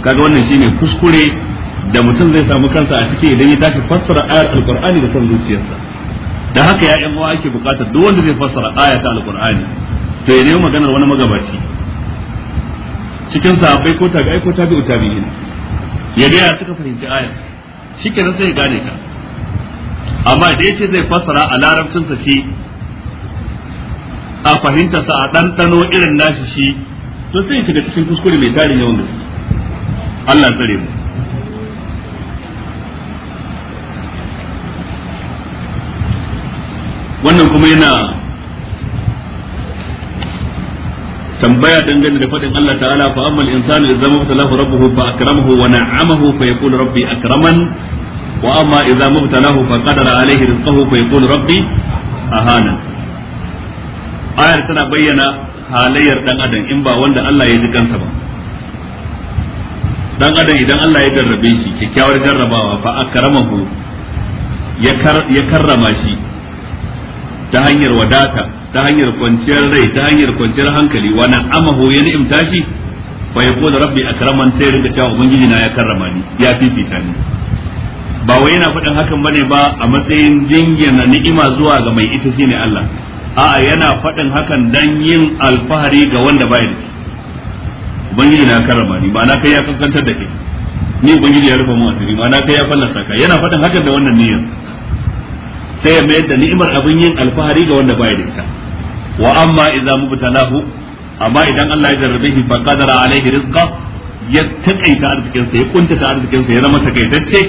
kaga wannan shine kuskure da mutum zai samu kansa a ciki idan ya tashi fassara ayar alkur'ani da son zuciyarsa da haka ya yan ake bukatar duk wanda zai fassara aya ta alkur'ani to ya nemi maganar wani magabaci cikin sahabbai ko tabi'ai ko tabi'u tabi'in ya ga ya suka fahimci ayar shike sai ya gane ka amma da yace zai fassara a larabcin sa shi a fahimta sa a ɗanɗano irin nashi shi to sai ya shiga cikin kuskure mai tarin yawan gaske Allah tsare mu wannan kuma yana tambaya dangane da faɗin Allah ta'ala fa ammal insanu idza mubtalahu rabbuhu fa akramahu wa na'amahu fa yaqulu rabbi akraman wa amma idza mubtalahu fa qadara alayhi rizqahu fa yaqulu rabbi ahana ayar tana bayyana halayyar dan adam in ba wanda Allah ya ji kansa ba dan adam idan Allah ya jarrabe shi kyakkyawar jarrabawa fa akramahu ya karrama shi ta hanyar wadata ta hanyar kwanciyar rai ta hanyar kwanciyar hankali wa na'amahu ya ni'imta shi fa yaqulu rabbi akraman sai rinka cewa ubangiji na ya karrama ni ya fifita ni ba wai yana faɗin hakan bane ba a matsayin jingina ni'ima zuwa ga mai ita shine Allah a'a yana faɗin hakan dan yin alfahari ga wanda bai da ubangiji na karrama ni ma'ana kai ya kankantar da kai ni ubangiji ya rufe mu asiri ma'ana kai ya fallasa ka yana faɗin hakan da wannan niyyar sai ya mayar da ni'imar abin yin alfahari ga wanda baya da ita wa amma idza mubtalahu amma idan Allah ya jarrabe shi fa qadara alaihi rizqa ya taƙaita arzikin sa ya kuntata arzikin sa ya zama takaitacce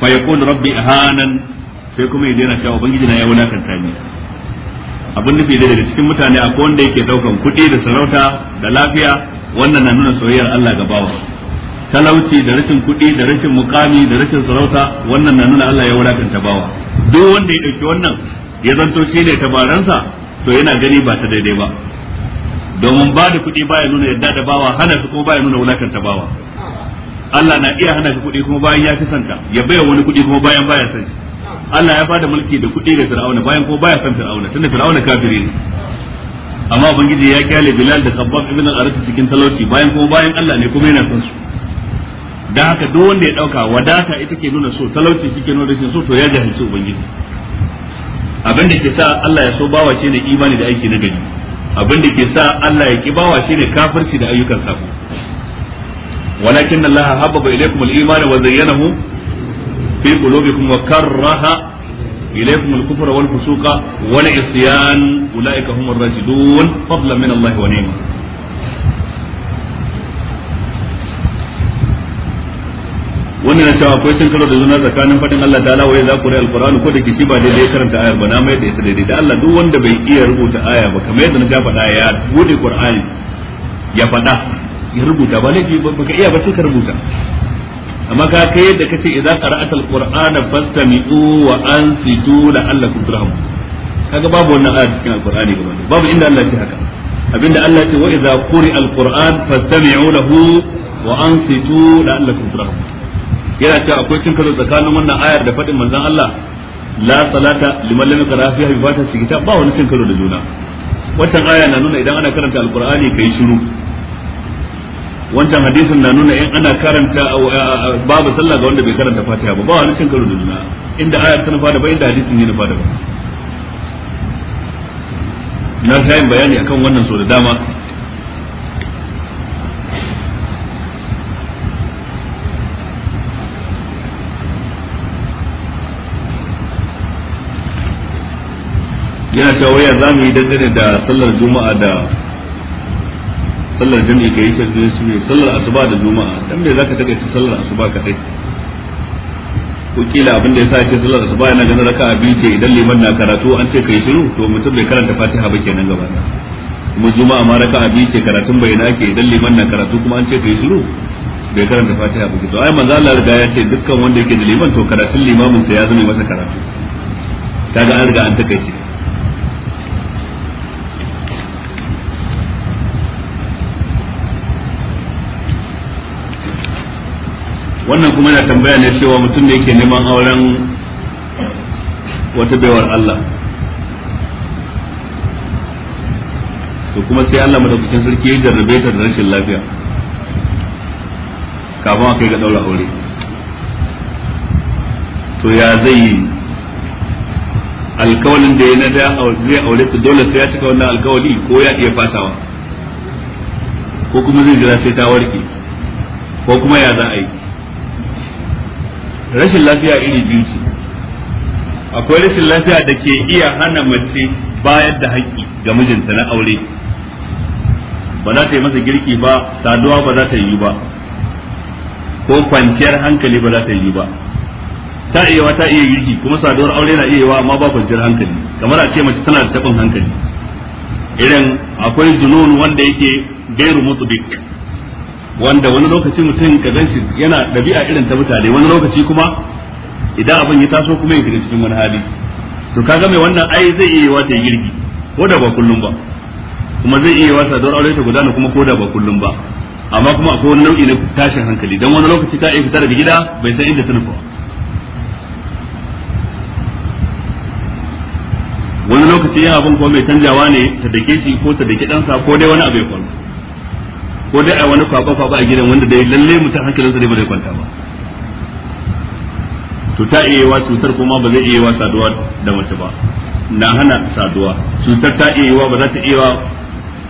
fa yakun rabbi ahanan sai kuma ya daina cewa ubangiji na ya wulakanta ni abin nufi da daga cikin mutane akwai wanda yake daukan kuɗi da sarauta da lafiya wannan na nuna soyayyar Allah ga bawa talauci da rashin kuɗi da rashin mukami da rashin sarauta wannan na nuna Allah ya wulakanta bawa duk wanda ya ɗauki wannan ya zanto shi ne tabaransa to yana gani ba ta daidai ba domin ba da kuɗi ba ya nuna yadda da bawa hana su kuma ba ya nuna wulakanta bawa Allah na iya hana shi kuɗi kuma bayan ya fi santa ya baya wani kuɗi kuma bayan baya san shi Allah ya bada mulki da kuɗi ga Fir'auna bayan kuma baya san Fir'auna tunda Fir'auna kafiri ne amma ubangiji ya kyale Bilal da sabbab ibn al-Arat cikin talauci bayan kuma bayan Allah ne kuma yana son su da haka duk wanda ya dauka wadata ita ke nuna so talauci shi ke nuna rashin so to ya jahilci ubangiji abin da ke sa Allah ya so bawa ne imani da aiki na gari abin da ke sa Allah ya ki bawa shine kafirci da ayyukan sa walakin Allah habbaba ilaykum al-iman wa zayyanahu fi qulubikum wa karraha ilaykum al-kufra wal fusuqa wal isyan ulaika humur rajidun fadlan min Allah wa ni'ma wannan na cewa akwai sun karo da zuna tsakanin fadin Allah ta'ala wai za ku rai alkur'ani ko da ke shi ba daidai ya karanta ayar ba na mai da ita daidai da Allah duk wanda bai iya rubuta aya ba kamar yadda na ga faɗa ya bude qur'ani ya faɗa ya rubuta ba laifi ba ka iya ba sai ka rubuta amma ka kai yadda kace idza qara'atal qur'ana fastami'u wa ansitu la'allakum turhamun kaga babu wannan aya cikin alkur'ani gaba babu inda Allah ya ce haka abinda Allah ya ce wa idza quri'al qur'an fastami'u lahu wa ansitu la'allakum turhamun yana cewa akwai cin karo tsakanin wannan ayar da faɗin manzon Allah la salata liman lam yaqra fiha bi fatihati kitab ba wani cin karo da juna wannan aya na nuna idan ana karanta alqur'ani kai shiru wancan hadisin na nuna in ana karanta babu sallah ga wanda bai karanta fatiha ba ba wani cin karo da juna inda ayar ta nufa ba inda hadisin ya nufa da ba na sayin bayani akan wannan so da dama yana cewa waya za mu yi dangane da sallar juma'a da sallar jami'i ka yi shaddin su ne sallar asuba da juma'a dan me zaka take ta sallar asuba kadai ko kila abin da yasa ce sallar asuba yana ganin raka'a biyu ce idan liman na karatu an ce kai shiru to mutum bai karanta fatiha ba kenan gaba kuma juma'a ma raka'a biyu ce karatun bai na ke idan liman na karatu kuma an ce kai shiru bai karanta fatiha ba to ai manzo Allah riga ya ce dukkan wanda yake da liman to karatun limamin sa ya zama masa karatu kaga an riga an shi wannan kuma yana tambaya ne cewa mutum da yake neman auren wata baiwar Allah to kuma sai Allah madaukakin sarki ya jarrabe ta da rashin lafiya kafin a kai ga daura aure to ya zai yi alkawalin da ya na zai aure ta dole sai ya cika wannan alkawali ko ya iya fatawa ko kuma zai jira sai ta warke ko kuma ya za a yi rashin lafiya iri biyu ce akwai rashin lafiya da ke iya hana mace bayar da haƙƙi ga mijinta na aure ba za ta yi masa girki ba saduwa ba za ta yi ba ko kwanciyar hankali ba za ta yi ba ta iya wa ta iya girki kuma saduwar aure na iya wa amma ba kwanciyar hankali kamar a ce mace tana da taɓin hankali irin akwai junun wanda yake gairu mutsubik wanda wani lokaci mutum ka gan shi yana ɗabi'a irin ta mutane wani lokaci kuma idan abin ya taso kuma ya shiga cikin wani hali to kaga mai wannan ai zai iya yawa ta girki ko da ba kullum ba kuma zai iya yawa saduwar aure ta gudana kuma ko da ba kullum ba amma kuma akwai wani nau'i na tashin hankali dan wani lokaci ta iya fita daga gida bai san inda ta nufa wani lokaci yin abin kuma mai canjawa ne ta dake shi ko ta dake ɗansa ko dai wani abu ya faru ko dai a wani kwakwa kwakwa a gidan wanda dai lalle mutum hankalinsa dai ba zai kwanta ba to ta iya yawa cutar kuma ba zai iya yawa saduwa da mace ba na hana saduwa cutar ta iya yawa ba za ta iya yawa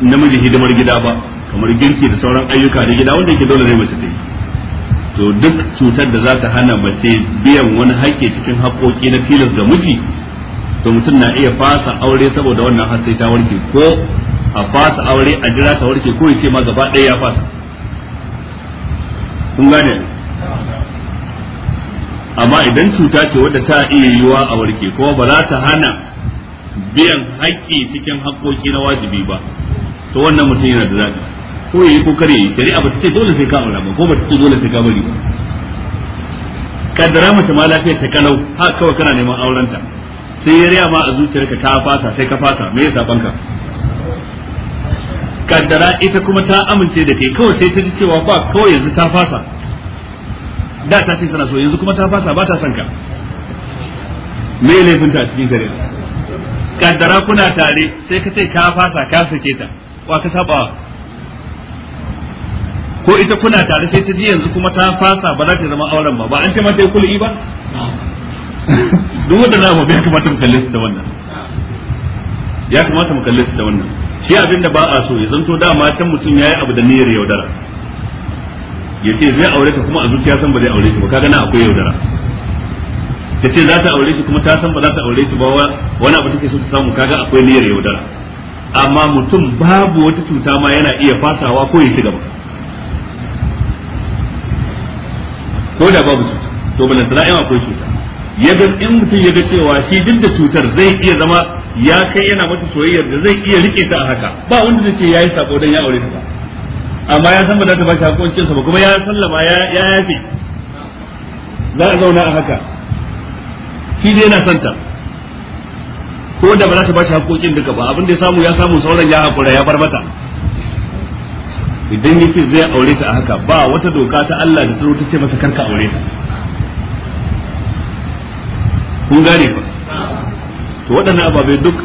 namiji hidimar gida ba kamar girki da sauran ayyuka da gida wanda yake dole ne mace ta yi to duk cutar da za ta hana mace biyan wani haƙƙi cikin haƙƙoƙi na tilas ga miji to mutum na iya fasa aure saboda wannan har sai ta warke ko a fasa aure a jira ta warke ko ya ce ma gaba ɗaya ya fasa kun gane amma idan cuta ce wadda ta iya yiwuwa a warke kuma ba za ta hana biyan haƙƙi cikin haƙƙoƙi na wajibi ba to wannan mutum yana da zaɓi ko yi ko kare yi shari'a ba ta ce dole sai ka aura ba ko ba ta ce dole sai ka bari ba kaddara mace ma lafiya ta kalau haka kawai kana neman aurenta sai ya riya ma a zuciyarka ta fasa sai ka fasa me ya saban ka kaddara ita kuma ta amince da kai kawai sai ta ji cewa ba kawai yanzu ta fasa da ta ce tana so yanzu kuma ta fasa ba ta son ka me laifin ta a cikin gare kaddara kuna tare sai ka ce ka fasa ka sake ta wa ka saba ko ita kuna tare sai ta ji yanzu kuma ta fasa ba za ta zama auren ba ba an ce mata kul'i ba duk wanda za mu ya kamata mu kalle su da wannan ya kamata mu kalle su da wannan shi abin da ba a so ya zanto dama can mutum ya yi abu da niyyar yaudara ya ce zai aure ta kuma a zuciya san ba zai aure ta ba kaga na akwai yaudara ta ce za ta aure shi kuma ta san ba za ta aure shi ba wani abu take so ta samu kaga akwai niyyar yaudara amma mutum babu wata cuta ma yana iya fasawa ko ya ci gaba ko da babu cuta to balantana yan akwai cuta yadda in mutum yaga cewa shi duk da cutar zai iya zama ya kai yana mata soyayyar da zai iya rike ta a haka ba wanda zai ce yayi sako dan ya aure ta amma ya san ba za ta bashi hakuncin sa ba kuma ya sallama ya ya yafe za a zauna a haka shi dai yana santa ko da ba za ta bashi hakuncin duka ba abin da ya samu ya samu sauran ya hakura ya bar mata idan yake zai aure ta a haka ba wata doka ta Allah da ta ce masa karka aure ta kun gane ba to waɗannan ababai duk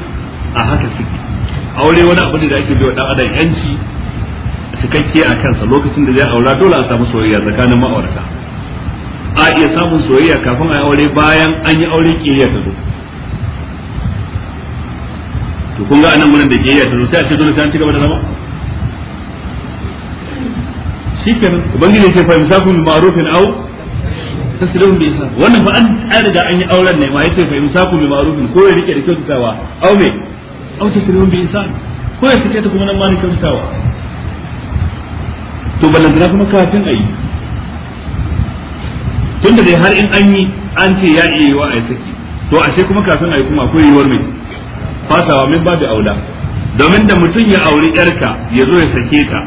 a haka suke aure wani abu ne da ake biyo da adam yanci cikakke a kansa lokacin da zai aura dole a samu soyayya tsakanin ma'aurata a iya samun soyayya kafin a yi aure bayan an yi aure kiyayya ta zo to kun ga anan wannan da kiyayya ta zo sai a ce dole sai an ci gaba da zama kenan ubangiji ya ce fa imsakun bi ma'rufin aw tasrihun bi isa wannan fa an an riga an yi auren ne ma yace fa imsaku bi ma'rufin ko ya rike da kyautatawa au me au tasrihun bi isa ko ya sike ta kuma nan ma ne kyautatawa to balantana kuma kafin ayi tun da dai har in an yi an ce ya iya yiwa a yi saki to ashe kuma kafin ayi kuma akwai yiwuwar mai fasawa min babu aula domin da mutum ya auri yarka ya zo ya sake ta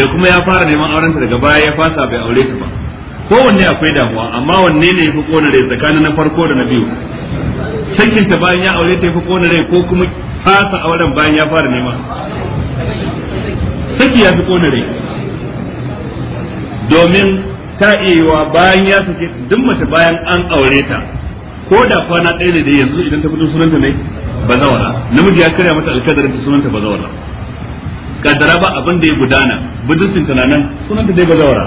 da kuma ya fara neman aurenta daga baya ya fasa bai aure ta ba kowanne akwai damuwa amma wanne ne yafi kona rai tsakanin na farko da na biyu sakin ta bayan ya aure ta yafi kona rai ko kuma fasa auren bayan ya fara nema saki ya fi kona rai domin ta iya bayan ya sake duk mace bayan an aure ta ko da kwana ɗaya ne da yanzu idan ta fito sunanta ne ba zawara namiji ya karya mata alkadarin ta sunanta ba zawara kaddara ba abin da ya gudana budurcin tunanin sunanta dai ba zawara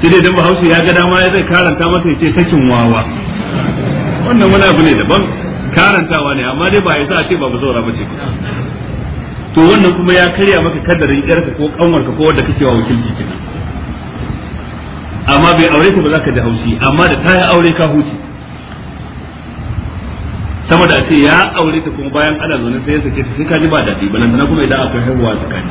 sai dai dan bahaushe ya ga dama ya zai karanta masa ya ce sakin wawa wannan wani abu ne daban karantawa ne amma dai ba ya sa ce ba mu ba ce to wannan kuma ya karya maka kadarin yarka ko kanwarka ko wanda kake wa wakilci kina amma bai aure ka ba za ka ji haushi amma da ta aure ka huce sama da ce ya aure ta kuma bayan ana zaune sai ya sake ta sai ka ji ba daɗi balantana kuma idan akwai haihuwa tsakani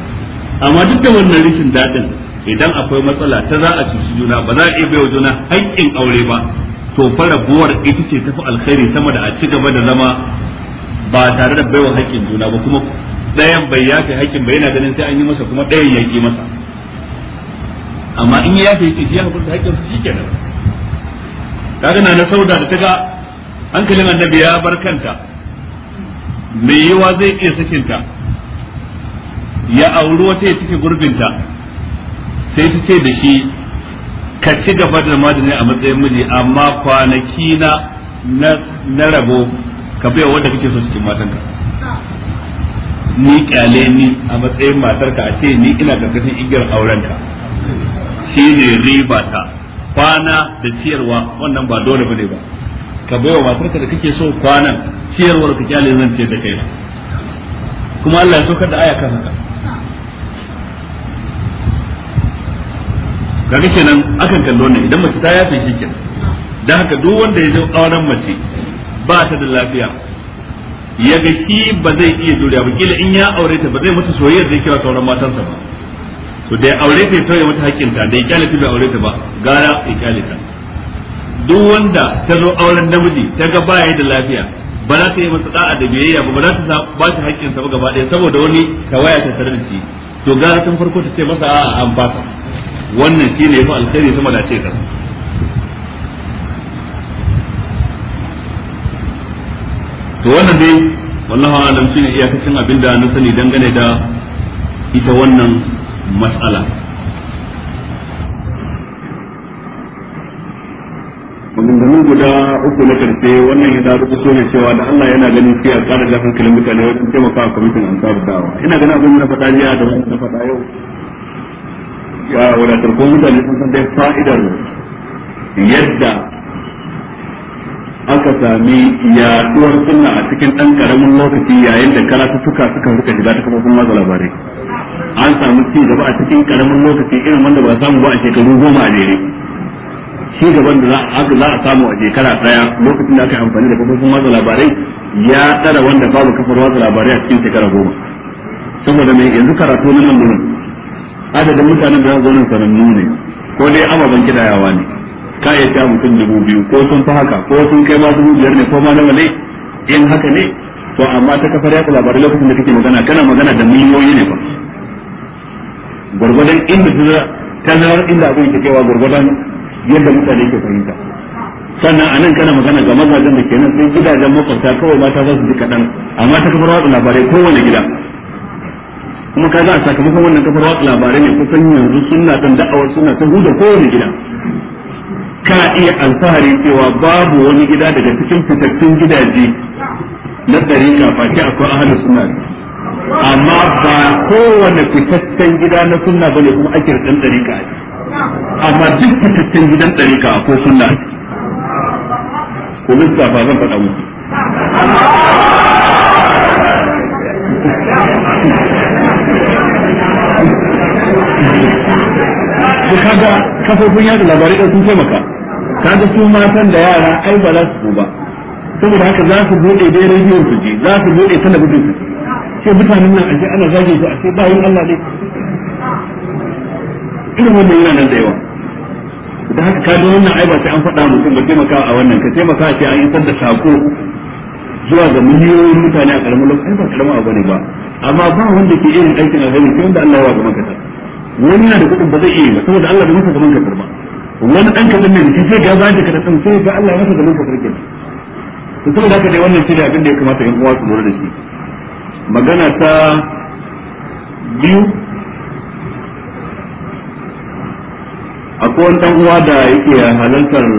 amma duk da wannan rikin daɗin idan akwai matsala ta za a cuci juna ba za a iya baiwa juna haƙƙin aure ba to rabuwar ita ce tafi alkhairi sama da a ci gaba da zama ba tare da baiwa haƙƙin juna ba kuma ɗayan bai yafe haƙƙin ba yana ganin sai an yi masa kuma ɗayan ya ƙi masa amma in ya yafe shi ya haƙurta haƙƙin su shi kenan kaga na sauda da ta ga hankalin annabi ya bar kanta mai yiwa zai iya sakinta ya auri wata ya cike gurbinta sai ta ce da shi ka ci gaba da namazin a matsayin miji amma kwanaki na na rabo ka bai wanda kake so cikin matanka ni kyale ni a matsayin matarka a ce ni ina karkashin igiyar aurenka shi ne riba ta kwana da ciyarwa wannan ba dole bane ba ka bai wa matarka da kake so kwanan ciyarwar ka kyale zan ce da kai kuma Allah ya saukar da aya kan haka kaga kenan akan kallo ne idan mace ta yafe shi kenan dan haka duk wanda ya je auren mace ba ta da lafiya ya ga shi ba zai iya dore ba kila in ya aure ta ba zai mata soyayya zai kira sauran sa ba to da ya aure ta ya tauye mata hakkin ta da ya ta bai aure ta ba gara ya kyale ta duk wanda ta zo auren namiji ta ga ba da lafiya ba za ta yi masa da'a da biyayya ba ba za ta ba shi hakkin sa ba gaba ɗaya saboda wani tawaya ta tare da shi to gara tun farko ta ce masa a'a an ta. wannan shi ne yafi alkhairi sama da ce ka to wannan dai wallahu alam ne iyakacin abin da na sani dangane da ita wannan mas'ala maganganun guda uku na karshe wannan ya zaru kuso ne cewa da Allah yana ganin sai a ƙara gafin kilomita ne wajen taimaka wa kwamitin ansar dawa ina ganin abin da na faɗa jiya da wani na faɗa yau wadatar ko mutane sun san dai fa'idar yadda aka sami yaduwar sunna a cikin ɗan karamin lokaci yayin da karatu suka rika shiga ta kafofin watsa labarai an samu ci gaba a cikin karamin lokaci irin wanda ba samu ba a shekaru goma a jere ci gaban da za a samu a shekara ɗaya lokacin da aka yi amfani da kafofin watsa labarai ya tsara wanda babu kafar watsa labarai a cikin shekara goma saboda mai yanzu karatu na nan adadin mutanen da zo nan sanannu ne ko dai ababen kidayawa ne ka iya ta mutum dubu biyu ko sun fi haka ko sun kai ma dubu biyar ne ko ma nawa ne in haka ne to amma ta kafar yaɗa labarai lokacin da kake magana kana magana da miliyoyi ne ba gwargwadon inda ta wani inda abin ke cewa gwargwadon yadda mutane ke fahimta sannan anan kana magana ga mazajen da kenan sai gidajen makwabta kawai mata za su ji kaɗan amma ta kafar watsa labarai kowane gida kuma ka za a sakamakon wannan kafar watsa labarai ne kusan yanzu suna kan da'awar suna ta huda kowane gida ka iya alfahari cewa babu wani gida daga cikin fitattun gidaje na ɗari face akwai ahalin suna amma ba kowane fitaccen gida na suna bane kuma ake da ɗan ɗarika amma duk fitaccen gidan ɗarika ko suna ko lissa ba zan faɗa muku su kaga kafofin yada labarai sun taimaka kaga su matan da yara ai ba za su ba saboda haka za su bude dai rediyon su je za su bude talabijin su ce mutanen nan ashe ana zage su ce ba yin Allah ne irin wanda yana nan da yawa da haka ka wannan ai ba sai an faɗa mutum ba taimaka a wannan ka taimaka a ce an isar da sako zuwa ga miliyoyin mutane a karamin lokaci ba karamin abu ne ba amma ba wanda ke irin aikin alheri sai wanda Allah ya wa ga ta. wani na da kuɗin ba zai iya ba saboda Allah da masa zaman ka karba wani dan kadan ne da sai ga ba da kadan sai ga Allah masa zaman ka karba to saboda haka dai wannan shi ne abin da ya kamata in uwa su lura da shi magana ta biyu akwai wani dan uwa da yake halartar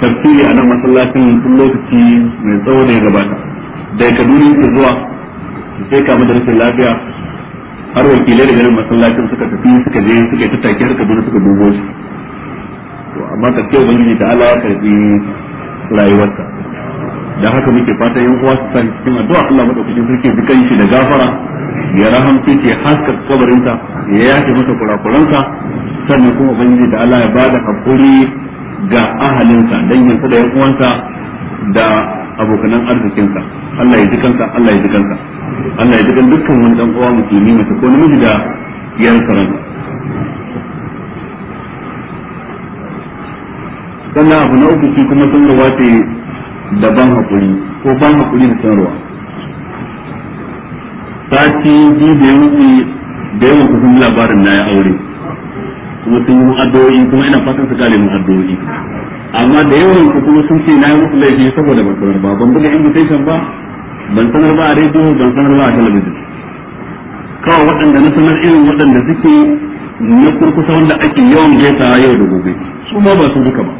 tafsiri a nan masallacin tun lokaci mai tsawo da ya gabata daga kaduna zuwa sai kama da rashin lafiya har wakilai da ganin masallacin suka tafi suka je suka yi tattaki har kaduna suka dubo shi to amma ka karshe ubangiji da ala ya karbi rayuwarsa da haka muke fata yan uwa su san cikin addu'a Allah madaukakin sarki dukan shi da gafara ya rahamce shi haskar kabarinsa ya yace masa kurakuransa sannan kuma ubangiji da Allah ya bada hakuri ga ahalinsa danginsa da yan uwansa da abokanan arzikinsa Allah ya ji kansa Allah ya ji kansa Allah ya jikan dukkan wani dan uwa musulmi mace ko namiji da yan saran sannan abu na uku shi kuma sun ce da ban hakuri ko ban hakuri da sanarwa sati biyu da ya wuce da yawan kusan labarin na ya aure kuma sun yi addu'o'i kuma ina fatan su kare mun addu'o'i amma da yawan ku kuma sun ce na yi musu laifi saboda ba ban buga invitation ba ban sanar ba a rediyo ban sanar ba a talabijin kawai waɗanda na sanar irin waɗanda suke na kurkusa wanda ake yawan gesa yau da gobe su ma ba su duka ba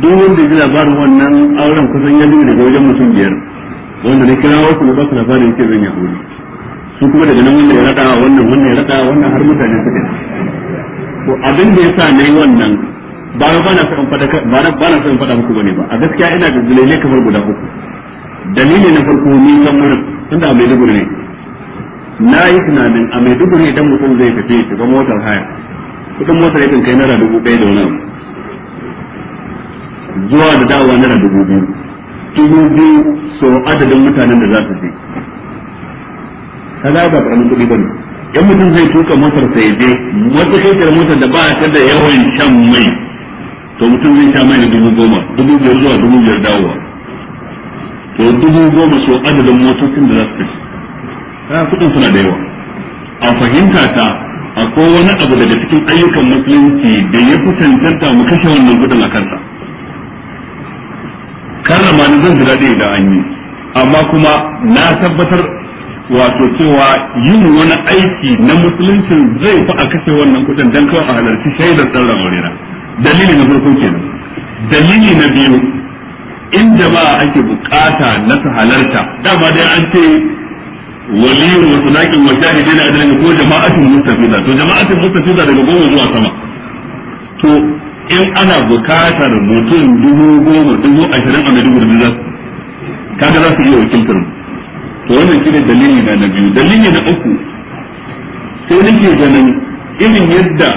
duk wanda ji labarin wannan auren kusan ya daga wajen mutum biyar wanda ne kira wasu na ba su labarin yake zan ya hori su kuma daga nan wanda ya rada wannan wanda ya rada wannan har mutane suka to abin da ya ba na in fada ba na in fada muku bane ba a gaskiya ina da dalilai kamar guda uku dalilin na farko ni kan mun tunda mai Maiduguri ne na yi tunanin a Maiduguri idan mutum zai tafi ya shiga motar haya kudin motar yakan kai nara dubu ɗaya da wani abu zuwa da dawowa nara dubu biyu dubu biyu so adadin mutanen da za su je kaza ba karamin kuɗi ba ne yan mutum zai tuka motar sa ya je matsakaiciyar motar da ba ta da yawan shan mai to mutum zai sha mai da dubu goma dubu biyar zuwa dubu biyar dawowa to dubu goma su adadin motocin da za su kashe kayan kuɗin suna da yawa a fahimta ta akwai wani abu daga cikin ayyukan musulunci da ya fi cancanta mu kashe wannan kuɗin a kansa karrama ni zan ji daɗi da an yi amma kuma na tabbatar wato cewa yin wani aiki na musulunci zai fi a kashe wannan kuɗin don kawai a halarci shaidar ɗan ramorina dalili na farko kenan dalili na biyu in jama'a ake bukata na ta halarta dama dai an ce waliyu wa sunakin wa shahidin na adalin ko jama'atin mustafiza to jama'atin mustafiza daga goma zuwa sama to in ana bukatar mutum dubu goma dubu ashirin a maiduguri da kaga za su iya wakiltar mu to wannan shine dalili na biyu dalili na uku sai nake ganin irin yadda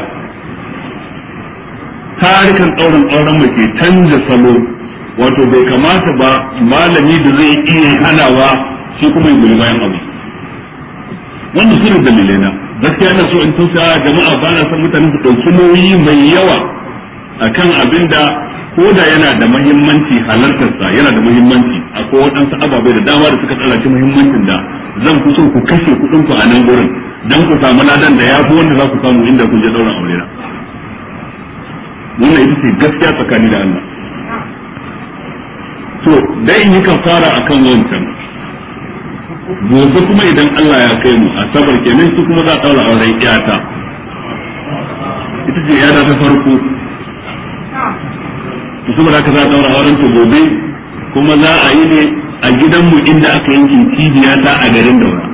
tarikan ɗaurin auren mace ke canza salo wato bai kamata ba malami da zai iya hanawa shi kuma ya goyi bayan abu su ne dalilai na gaskiya na so in tusa jama'a ba na son mutane su ɗauki nauyi mai yawa a kan abin da ko da yana da muhimmanci halartarsa yana da muhimmanci akwai waɗansu ababe da dama da suka tsalaci muhimmancin da zan fi so ku kashe kuɗin ku a nan gurin dan ku samu ladan da ya fi wanda za ku samu inda kun je ɗaurin aure na wannan ita ce gaskiya tsakani da Allah to dai in yi fara akan wancan gobe kuma idan Allah ya kai mu a sabar kenan shi kuma za a tsara auren iyata ita ce iyata ta farko to saboda za a tsara auren ta gobe kuma za a yi ne a gidanmu inda aka yanke cibiya ta a garin daura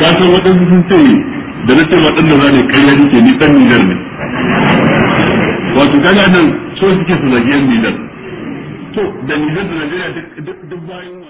ka san waɗansu sun ce da na ce waɗanda za ne kallon ke ni ɗan nijar ne wato kaga nan so suke su ni yan nijar to da nijar da najeriya duk bayan